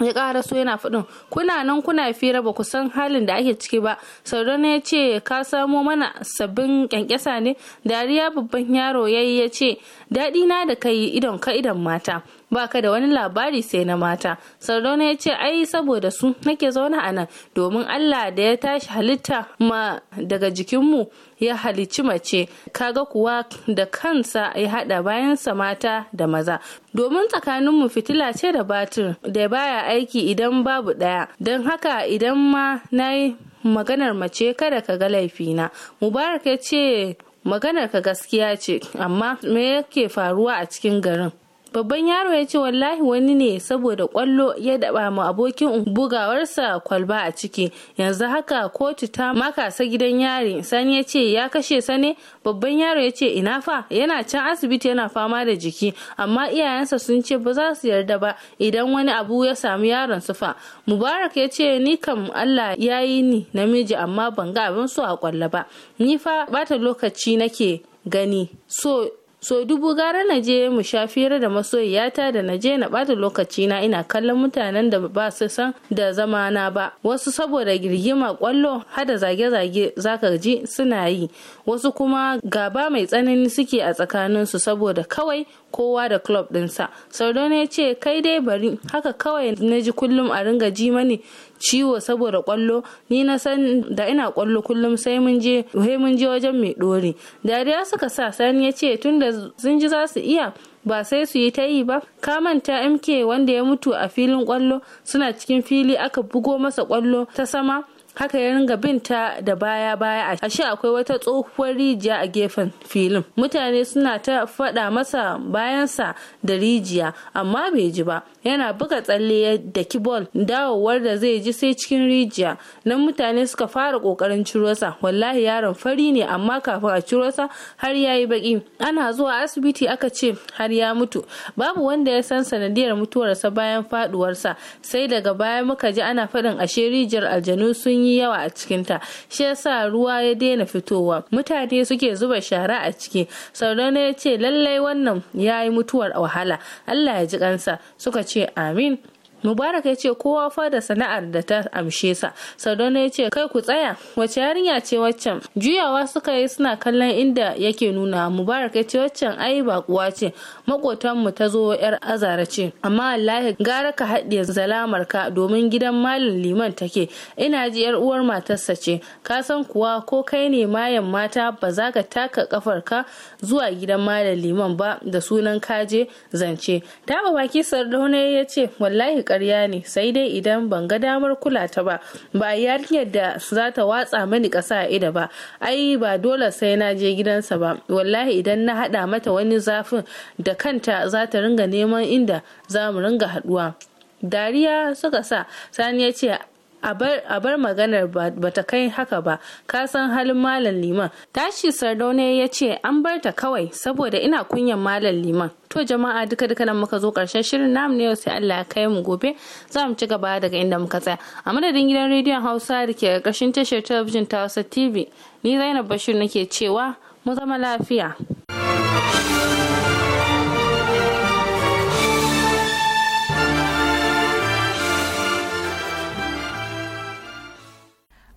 ya ƙara so yana faɗin kuna nan kuna fira ba ku san halin da ake ciki ba sauran ya ce ka samo mana sabbin kyankyasa ne dariya babban yaro ya yi ya ce daɗi na da kai idon ka idon mata ba ka da wani labari sai na mata sardauna ya ce ai saboda su nake zaune a nan domin allah da ya tashi halitta ma daga jikinmu ya halicci mace kaga kuwa da kansa ya hada bayansa mata da maza domin tsakaninmu fitila ce da batir da baya aiki idan babu daya don haka idan ma na yi maganar mace kada ka ga laifina mubarak ya ce maganar ka gaskiya ce amma me yake faruwa a cikin garin babban yaro ya ce wallahi wani ne saboda kwallo ya daba mu abokin bugawarsa kwalba a ciki yanzu haka kotu ta makasa gidan yari sani ya ce ya kashe sa babban yaro ya ce ina fa yana can asibiti yana fama da jiki amma iyayensa sun ce ba za su yarda ba idan wani abu ya samu yaron su fa mubarak ya ce ni kam allah ya yi ni namiji amma ban ga abin so a kwalla ba ni fa bata lokaci nake gani so so dubu gara na je mu sha fira da masoyiyata da na je na bata lokaci na ina kallon mutanen da ba su san da zama na ba wasu saboda girgima kwallo hada zage-zage zaka ji suna yi wasu kuma gaba mai tsanani suke a tsakaninsu saboda kawai kowa da club dinsa sardone ya ce kai dai bari haka kawai na ji kullum a ringa ji mani ciwo saboda kwallo ni na san da ina kwallo kullum sai mun je mun je wajen mai dori dariya suka sa sani ya ce tunda sun ji za su iya ba sai su yi ta yi ba ka manta mk wanda ya mutu a filin kwallo suna cikin fili aka bugo masa kwallo ta sama haka ya ringa binta da baya baya a shi akwai wata tsohuwar rijiya a gefen filin mutane suna ta faɗa masa bayansa da rijiya amma bai ji ba yana buga tsalle da kibol dawowar da zai ji sai cikin rijiya nan mutane suka fara kokarin cirosa wallahi yaron fari ne amma kafin a cirosa har ya yi baki ana zuwa asibiti aka ce har ya mutu babu wanda ya san sanadiyar mutuwarsa bayan faduwarsa sai daga baya muka ji ana faɗin ashe rijiyar aljanu sun yi yi yawa a cikinta shi yasa ruwa ya daina fitowa mutane suke zuba shara a ciki sardauna ya ce lallai wannan ya yi mutuwar wahala allah ya ji kansa suka ce amin mubarak ya ce kowa fa da sana'ar da ta amshe sa sardauna ya ce kai ku tsaya wace yarinya ce waccan juyawa suka yi suna kallon inda yake nuna mubarak ya ce waccan ai ba kuwa ce mu ta zo yar azara ce amma wallahi gara ka haɗe zalamar ka domin gidan malam liman take ina ji yar uwar matarsa ce ka san kuwa ko kai ne mayan mata ba za ka taka kafar ka zuwa gidan malam liman ba da sunan kaje zance ta baki sardauna ya ce wallahi karya ne sai dai idan ban ga damar kula ta ba ba yarinyar da za ta watsa mani ƙasa a ido ba ai ba dole sai na je gidansa ba wallahi idan na haɗa mata wani zafin da kanta za ta ringa neman inda za mu ringa haɗuwa dariya suka sa sani ya ce a bar maganar ba ta kai haka ba ka san halin malam liman tashi sardaune ya ce an bar ta kawai saboda ina kunyan malam liman to jama'a duka duka nan muka zo karshen shirin namu ne yau sai Allah ya kai mu gobe za mu ci gaba daga inda muka tsaya a madadin gidan rediyon Hausa da ke karkashin tashar talabijin ta Hausa TV ni Zainab Bashir nake cewa mu zama lafiya.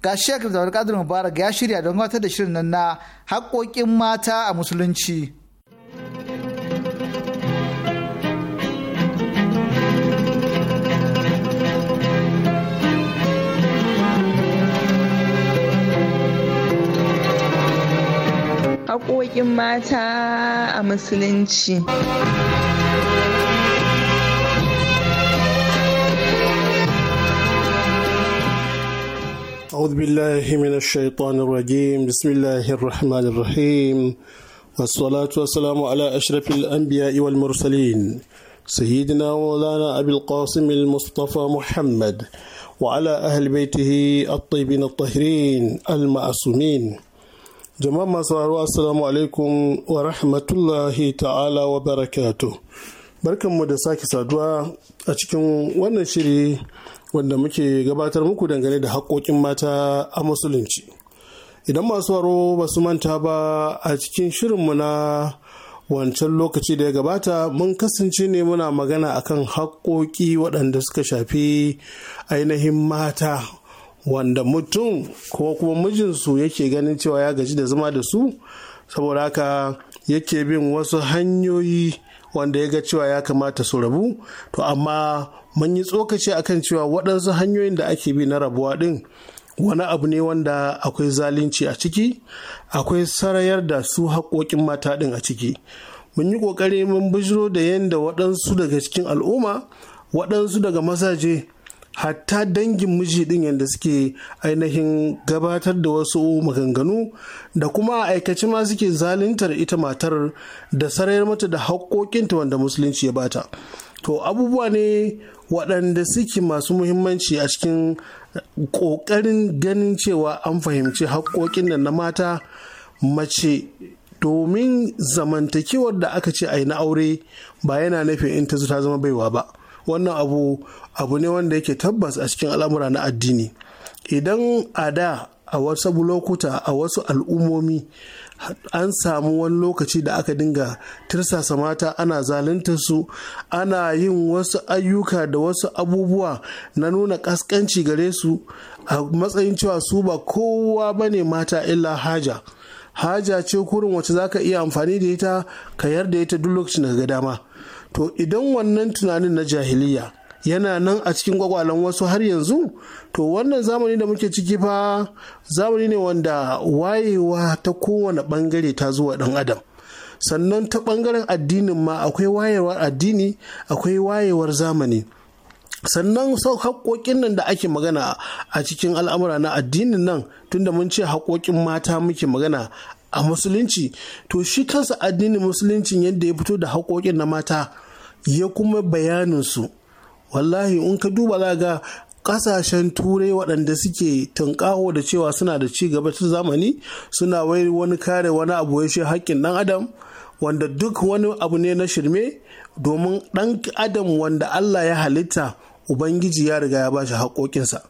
ga Sheikh da Kadir Mubarak ya shirya don gabatar da shirin nan na haƙoƙin mata a musulunci. Haƙoƙin mata a musulunci. أعوذ بالله من الشيطان الرجيم بسم الله الرحمن الرحيم والصلاة والسلام على أشرف الأنبياء والمرسلين سيدنا مولانا أبي القاسم المصطفى محمد وعلى أهل بيته الطيبين الطاهرين المعصومين جماعة السلام عليكم ورحمة الله تعالى وبركاته barkanmu da sake saduwa a cikin wannan shiri wanda muke gabatar muku dangane da haƙoƙin mata a musulunci idan masu waro ba su manta ba a cikin shirinmu na wancan lokaci da ya gabata mun kasance ne muna magana akan haƙoƙi waɗanda suka shafi ainihin mata wanda mutum ko kuma mijinsu yake ganin cewa ya gaji da zama da su saboda haka yake bin wasu hanyoyi wanda ya ga cewa ya kamata su rabu to amma mun yi tsokaci akan cewa waɗansu hanyoyin da ake bi na rabuwa ɗin wani abu ne wanda akwai zalunci a ciki akwai sarayar da su haƙoƙin mata ɗin a ciki mun yi ƙoƙari mun bijiro da yadda waɗansu daga cikin al'umma waɗansu daga mazaje hatta dangin miji din yadda suke ainihin gabatar da wasu maganganu da kuma aikace ma suke zaluntar ita matar da sarayar mata da haƙoƙinta wanda musulunci ya bata to abubuwa ne waɗanda suke masu muhimmanci a cikin ƙoƙarin ganin cewa an fahimci haƙoƙin da na mata mace domin zamantakewar da aka ce a yi na aure ba yana nufin in ta ta zama baiwa ba. wannan abu abu ne wanda yake tabbas a cikin al'amura na addini idan a da a wasu lokuta a wasu al'ummomi an samu wani lokaci da aka dinga tirsasa mata ana zalunta su ana yin wasu ayyuka da wasu abubuwa na nuna kaskanci gare su a matsayin cewa su ba kowa ba ne mata illa haja haja ce kurin wacce za ka iya amfani da ita ka yarda ita duk lokacin da dama to idan wannan tunanin na jahiliya yana nan a cikin gwagwalan wasu har yanzu to wannan zamani da muke ciki fa zamani ne wanda wayewa ta kowane bangare ta zuwa ɗan adam sannan ta bangaren addinin ma akwai wayewar addini akwai wayewar zamani sannan sau haƙoƙin nan da ake magana a cikin al'amura na addinin nan tunda mun ce haƙoƙin mata muke magana a musulunci to shi kansa addinin musuluncin yadda ya fito da haƙoƙin na mata ya kuma bayaninsu wallahi in ka duba za ga kasashen turai waɗanda suke tunƙaho da cewa suna da ci gaba ta zamani suna wai wani kare wani abu ya shi haƙƙin ɗan adam wanda duk wani abu ne na shirme domin ɗan adam wanda allah ya halitta ubangiji ya riga ya bashi haƙoƙinsa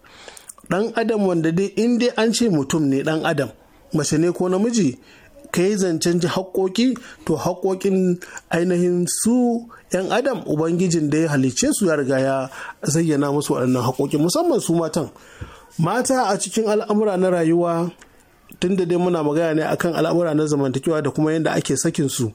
ɗan adam wanda dai in dai an ce mutum ne ɗan adam mace ne ko namiji ka yi zancen haƙoƙi to haƙoƙin ainihin su 'yan adam ubangijin da ya halicce su ya riga ya zayyana musu waɗannan haƙoƙi musamman su matan mata a cikin al'amura na rayuwa tun da dai muna magana ne akan al'amura na zamantakewa da kuma yadda ake sakin su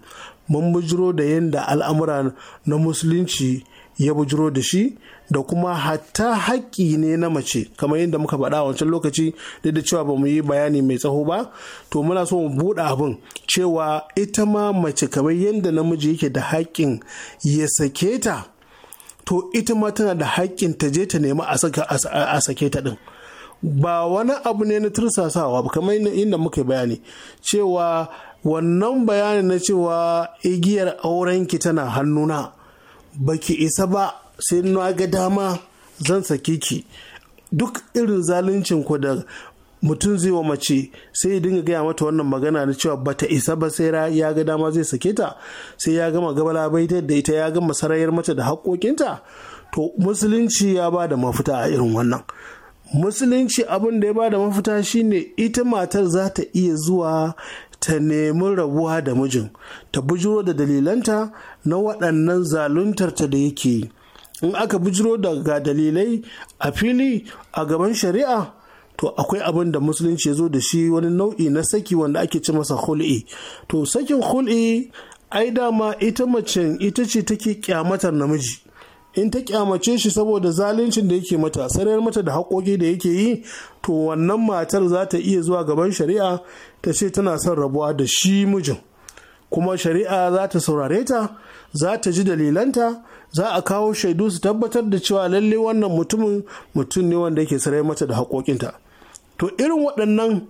mun bujiro da yadda al'amura na musulunci ya bujiro da shi da kuma hatta haƙƙi ne na mace kamar yadda muka faɗa wancan lokaci duk da cewa ba mu yi bayani mai tsaho ba to muna so mu buɗe abin cewa ita ma mace kamar yadda namiji yake da haƙƙin ya sake ta to ita ma tana da haƙƙin ta je ta nemi a sake ta ɗin ba wani abu ne na tursasawa ba kamar inda muka bayani cewa wannan bayanin na cewa igiyar aurenki tana hannuna baki isa ba sai na ga dama zan sake ki duk irin zaluncin ku da mutum zai wa mace sai ya dinga gaya mata wannan magana na cewa bata isa ba sai ya ga dama zai sake ta sai ya gama gabala bai da ita ya gama sarayar mata da haƙoƙinta to musulunci ya ba da mafita a irin wannan musulunci abin da ya ba da mafita shine ita matar za ta iya zuwa ta nemi rabuwa da mijin ta bujiro da dalilanta na waɗannan zaluntarta da yake yi in aka bujiro daga dalilai a fili a gaban shari'a to akwai abin da musulunci ya zo da shi wani nau'i na saki wanda ake ci masa hul'i to sakin hul'i ai dama ita mace ita ce take kyamatar namiji in ta kyamace shi saboda zaluncin da yake mata sanar mata da haƙoƙi da yake yi to wannan matar za ta iya zuwa gaban shari'a ta ce tana son rabuwa da shi mijin kuma shari'a za ta saurare ta za ta ji dalilanta za a kawo shaidu su tabbatar da cewa lalle wannan mutumin mutum ne wanda yake sarai mata da haƙoƙinta to irin waɗannan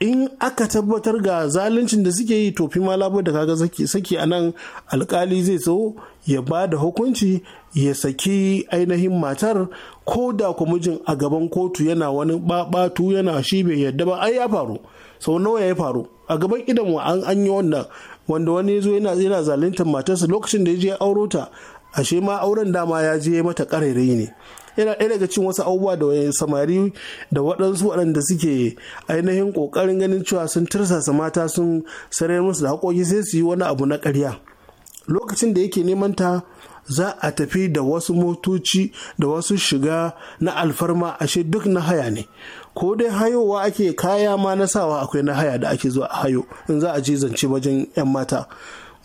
in aka tabbatar ga zaluncin da suke yi to ma labar da kaga saki a nan alkali zai so ya ba da hukunci ya saki ainihin matar ko da mijin a gaban kotu yana wani babatu yana shi bai yadda ba ai ya faru sau nawa ya faru a gaban idanmu wa an yi wannan wanda wani zo yana yana zaluntar matarsa lokacin da ya je auro ta ashe ma auren dama ya je mata karairayi ne yana ɗaya daga cin wasu abubuwa da wani samari da waɗansu waɗanda suke ainihin ƙoƙarin ganin cewa sun tirsasa mata sun sarar musu da haƙoƙi sai su yi wani abu na ƙarya lokacin da yake neman ta za a tafi da wasu motoci da wasu shiga na alfarma ashe duk na haya ne ko dai hayowa ake kaya ma na sawa akwai na haya da ake zuwa hayo in za a je zance wajen 'yan mata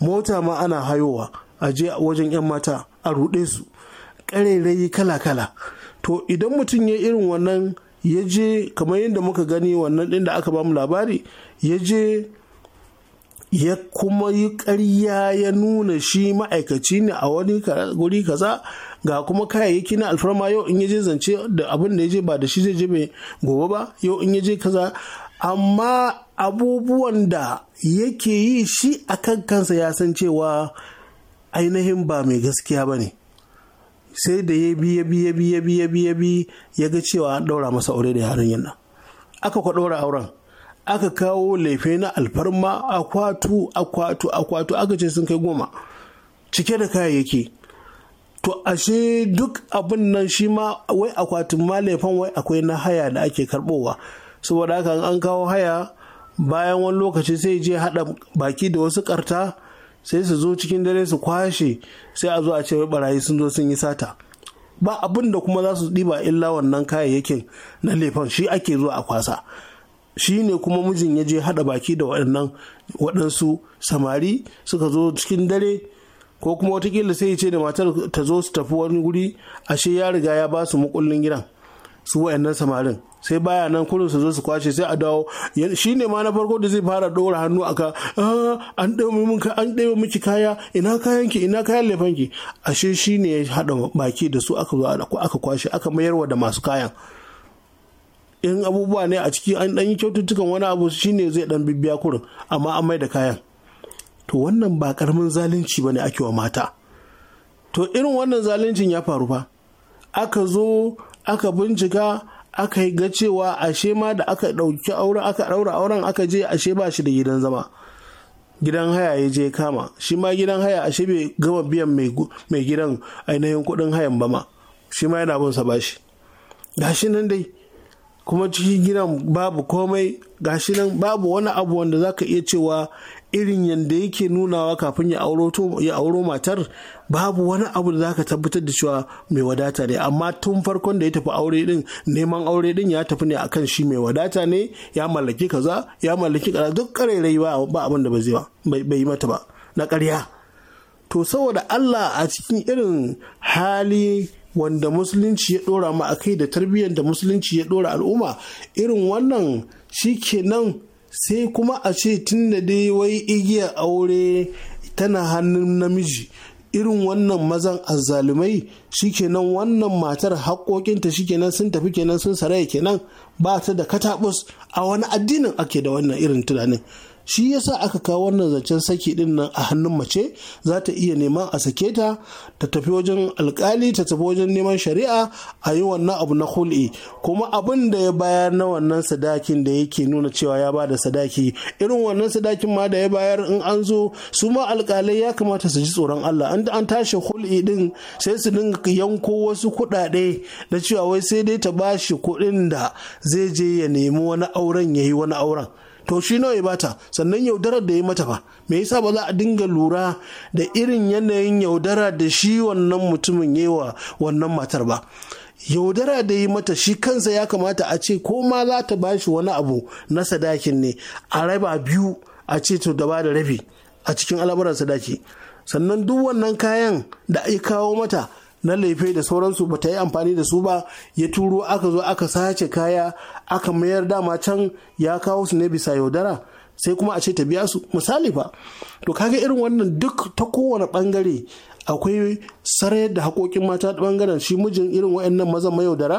mota ma ana hayowa a je wajen 'yan mata a ruɗe su ƙarairayi kala-kala to idan mutum ya irin wannan ya je kamar yadda muka gani wannan ɗin da aka bamu labari ya je ya kuma yi ƙarya ya nuna shi ma'aikaci ne a wani guri kaza ga kuma kayayyaki na alfarma yau in je zance da abin da ya je ba da shi zai je mai gobe ba yau in je kaza amma abubuwan da yake yi shi a kan kansa ya san cewa ainihin ba mai gaskiya ba ne sai da ya bi ya bi ya bi ya bi ya bi ya ga cewa an ɗaura masa aure da yarinyar nan aka kwa auren aka kawo laife na alfarma akwatu akwatu akwatu aka ce sun kai goma cike da kayayyaki to ashe duk abin nan shi ma wai akwatin ma laifin wai akwai na haya da ake karbowa saboda haka an kawo haya bayan wani lokaci sai je hada baki da wasu karta sai su zo cikin dare su kwashe sai a zo a ce barayi sun zo sun yi sata ba abin da kuma za su ɗiba illa wannan kayayyakin na laifin shi ake zuwa a kwasa shi ne kuma mijin ya je haɗa baki da waɗannan waɗansu samari suka zo cikin dare ko kuma watakila sai ya ce da matar ta zo su tafi wani guri ashe ya riga ya ba su makullin gidan su waɗannan samarin sai baya nan kullum su zo su kwashe sai a dawo shi ne ma na farko da zai fara ɗora hannu a ka ah, an ɗaya miki kaya ina kayan ki ina kayan lefanki ashe shi ne ya haɗa baki da su aka zo aka kwashe aka mayarwa da masu kayan in abubuwa ne a ciki an dan yi kyaututtukan wani abu shine zai dan bibbiya kurin amma an mai da kayan to wannan ba karamin zalunci bane ake wa mata to irin wannan zaluncin ya faru ba aka zo aka bincika aka yi ga cewa ashe ma da aka ɗauki auren aka ɗaura auren aka je ashe ba shi da gidan zama gidan haya ya je kama shi ma gidan haya ashe bai gama biyan mai gidan ainihin kuɗin hayan ba ma shi ma yana bin sa bashi gashi nan dai kuma cikin gidan babu komai gashi nan babu wani abu wanda zaka iya cewa irin yadda yake nunawa kafin ya auro matar babu wani abu da zaka tabbatar da cewa mai wadata ne amma tun farkon da ya tafi aure din neman aure din ya tafi ne akan shi mai wadata ne ya mallaki kaza ya mallaki kaza duk karerai ba ba abin da bai yi mata ba na karya to saboda Allah a cikin irin hali wanda musulunci ya dora mu a kai da tarbiyyar da musulunci ya dora al'umma irin wannan shi kenan sai kuma a ce tun da dai wai igiyar aure tana hannun namiji irin wannan mazan azzalumai shikenan wannan matar haƙoƙinta shikenan sun tafi kenan sun saraya kenan ba ta da katabus a wani addinin ake da wannan irin tunanin shi yasa aka kawo wannan zancen saki din nan a hannun mace za ta iya neman a sake ta ta tafi wajen alkali ta tafi wajen neman shari'a a yi wannan abu na hul'i kuma abin da ya bayar na wannan sadakin da yake nuna cewa ya bada sadaki irin wannan sadakin ma da ya bayar in an zo su ma alkalai ya kamata su ji tsoron Allah an an tashi hul'i din sai su dinga yanko wasu kuɗaɗe na cewa wai sai dai ta bashi kuɗin da zai je ya nemi wani auren ya yi wani auren to shi nawa ya bata sannan yaudarar da ya mata fa me yasa ba za a dinga lura da irin yanayin yaudara da shi wannan mutumin yi wa wannan matar ba yaudara da yi mata shi kansa ya kamata a ce ko ma za ta bashi wani abu na sadakin ne a raba biyu a ce to da ba da rabi a cikin al'amuran sadaki sannan duk wannan kayan da aka kawo mata na laife da sauransu ba ta yi amfani da su ba ya turo aka zo aka sace kaya aka mayar dama can ya kawo su ne bisa yaudara sai kuma a ce ta biya su misali fa to kaga irin wannan duk ta kowane bangare akwai sarayar da hakokin mata ta bangaren shi mijin irin waɗannan mazan mayaudara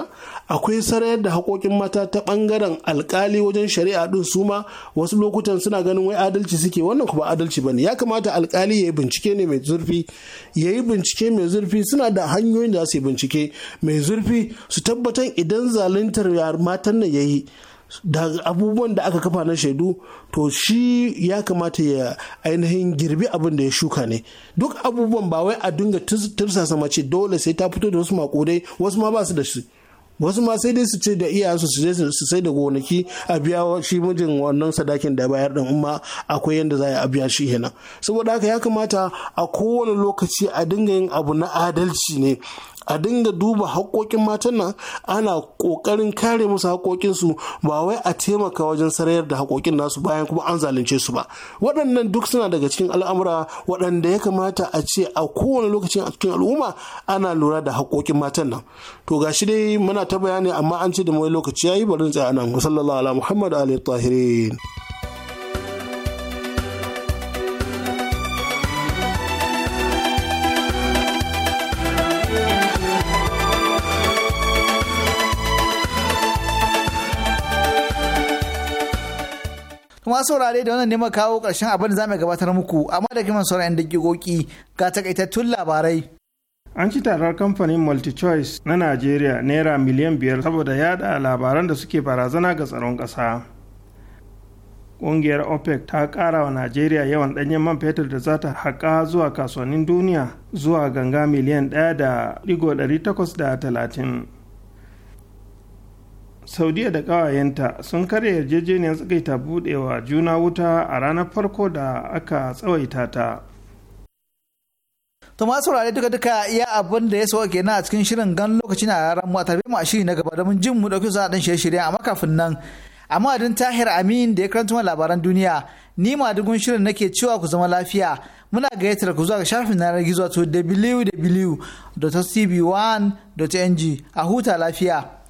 akwai sarayar da hakokin mata ta bangaren alkali wajen shari'a din Suma wasu lokutan suna ganin wai adalci suke wannan ba adalci bane ya kamata alkali ya bincike ne mai zurfi ya yi bincike mai zurfi suna da hanyoyin da su yi bincike mai zurfi su tabbatar idan zaluntar matan nan yayi da abubuwan da aka kafa na shaidu to shi ya kamata ya ainihin girbi abin da ya shuka ne duk abubuwan ba wai a dinga tirsasa mace dole sai ta fito da wasu makudai wasu ma ba su da shi wasu ma sai dai su ce da iya su su sai da gonaki a biya shi mijin wannan sadakin da bayar din amma akwai yadda za a biya shi kenan saboda haka ya kamata a kowane lokaci a dinga yin abu na adalci ne a dinga duba haƙoƙin matan nan ana ƙoƙarin kare musu haƙoƙinsu ba wai a taimaka wajen sarayar da haƙoƙin nasu bayan kuma an zalunce su ba waɗannan duk suna daga cikin al'amura waɗanda ya kamata a ce a kowane lokacin a cikin al'umma ana lura da haƙoƙin matan nan to ga shi dai muna ta bayani amma an ce da mai lokaci yayi bari tsaya nan sallallahu ala muhammad alihi tahirin Kuma saurare da wannan neman kawo ƙarshen abin da za mu gabatar muku amma da kiman saurayin dagigoki ga takaitattun labarai. An ci tarar kamfanin MultiChoice na Najeriya naira miliyan biyar saboda yada labaran da suke barazana ga tsaron ƙasa. Ƙungiyar OPEC ta ƙara wa Najeriya yawan ɗanyen man fetur da za ta haƙa zuwa kasuwannin duniya zuwa ganga miliyan ɗaya da ɗigo ɗari takwas da talatin. saudiya da kawayenta sun karya yarjejeniyar tsagaita budewa juna wuta a ranar farko da aka tsawaita ta to masu saurare duka duka iya abin da ya sauke na a cikin shirin gan lokaci na ranar mu a tarbe mu a shiri na gaba domin jin mu dauki zuwa dan shirye-shirye amma kafin nan amma madadin tahir amin da ya karanta labaran duniya ni ma dugun shirin nake cewa ku zama lafiya muna gayyatar ku zuwa ga shafin yanar gizo to wwwcb 1ng a huta lafiya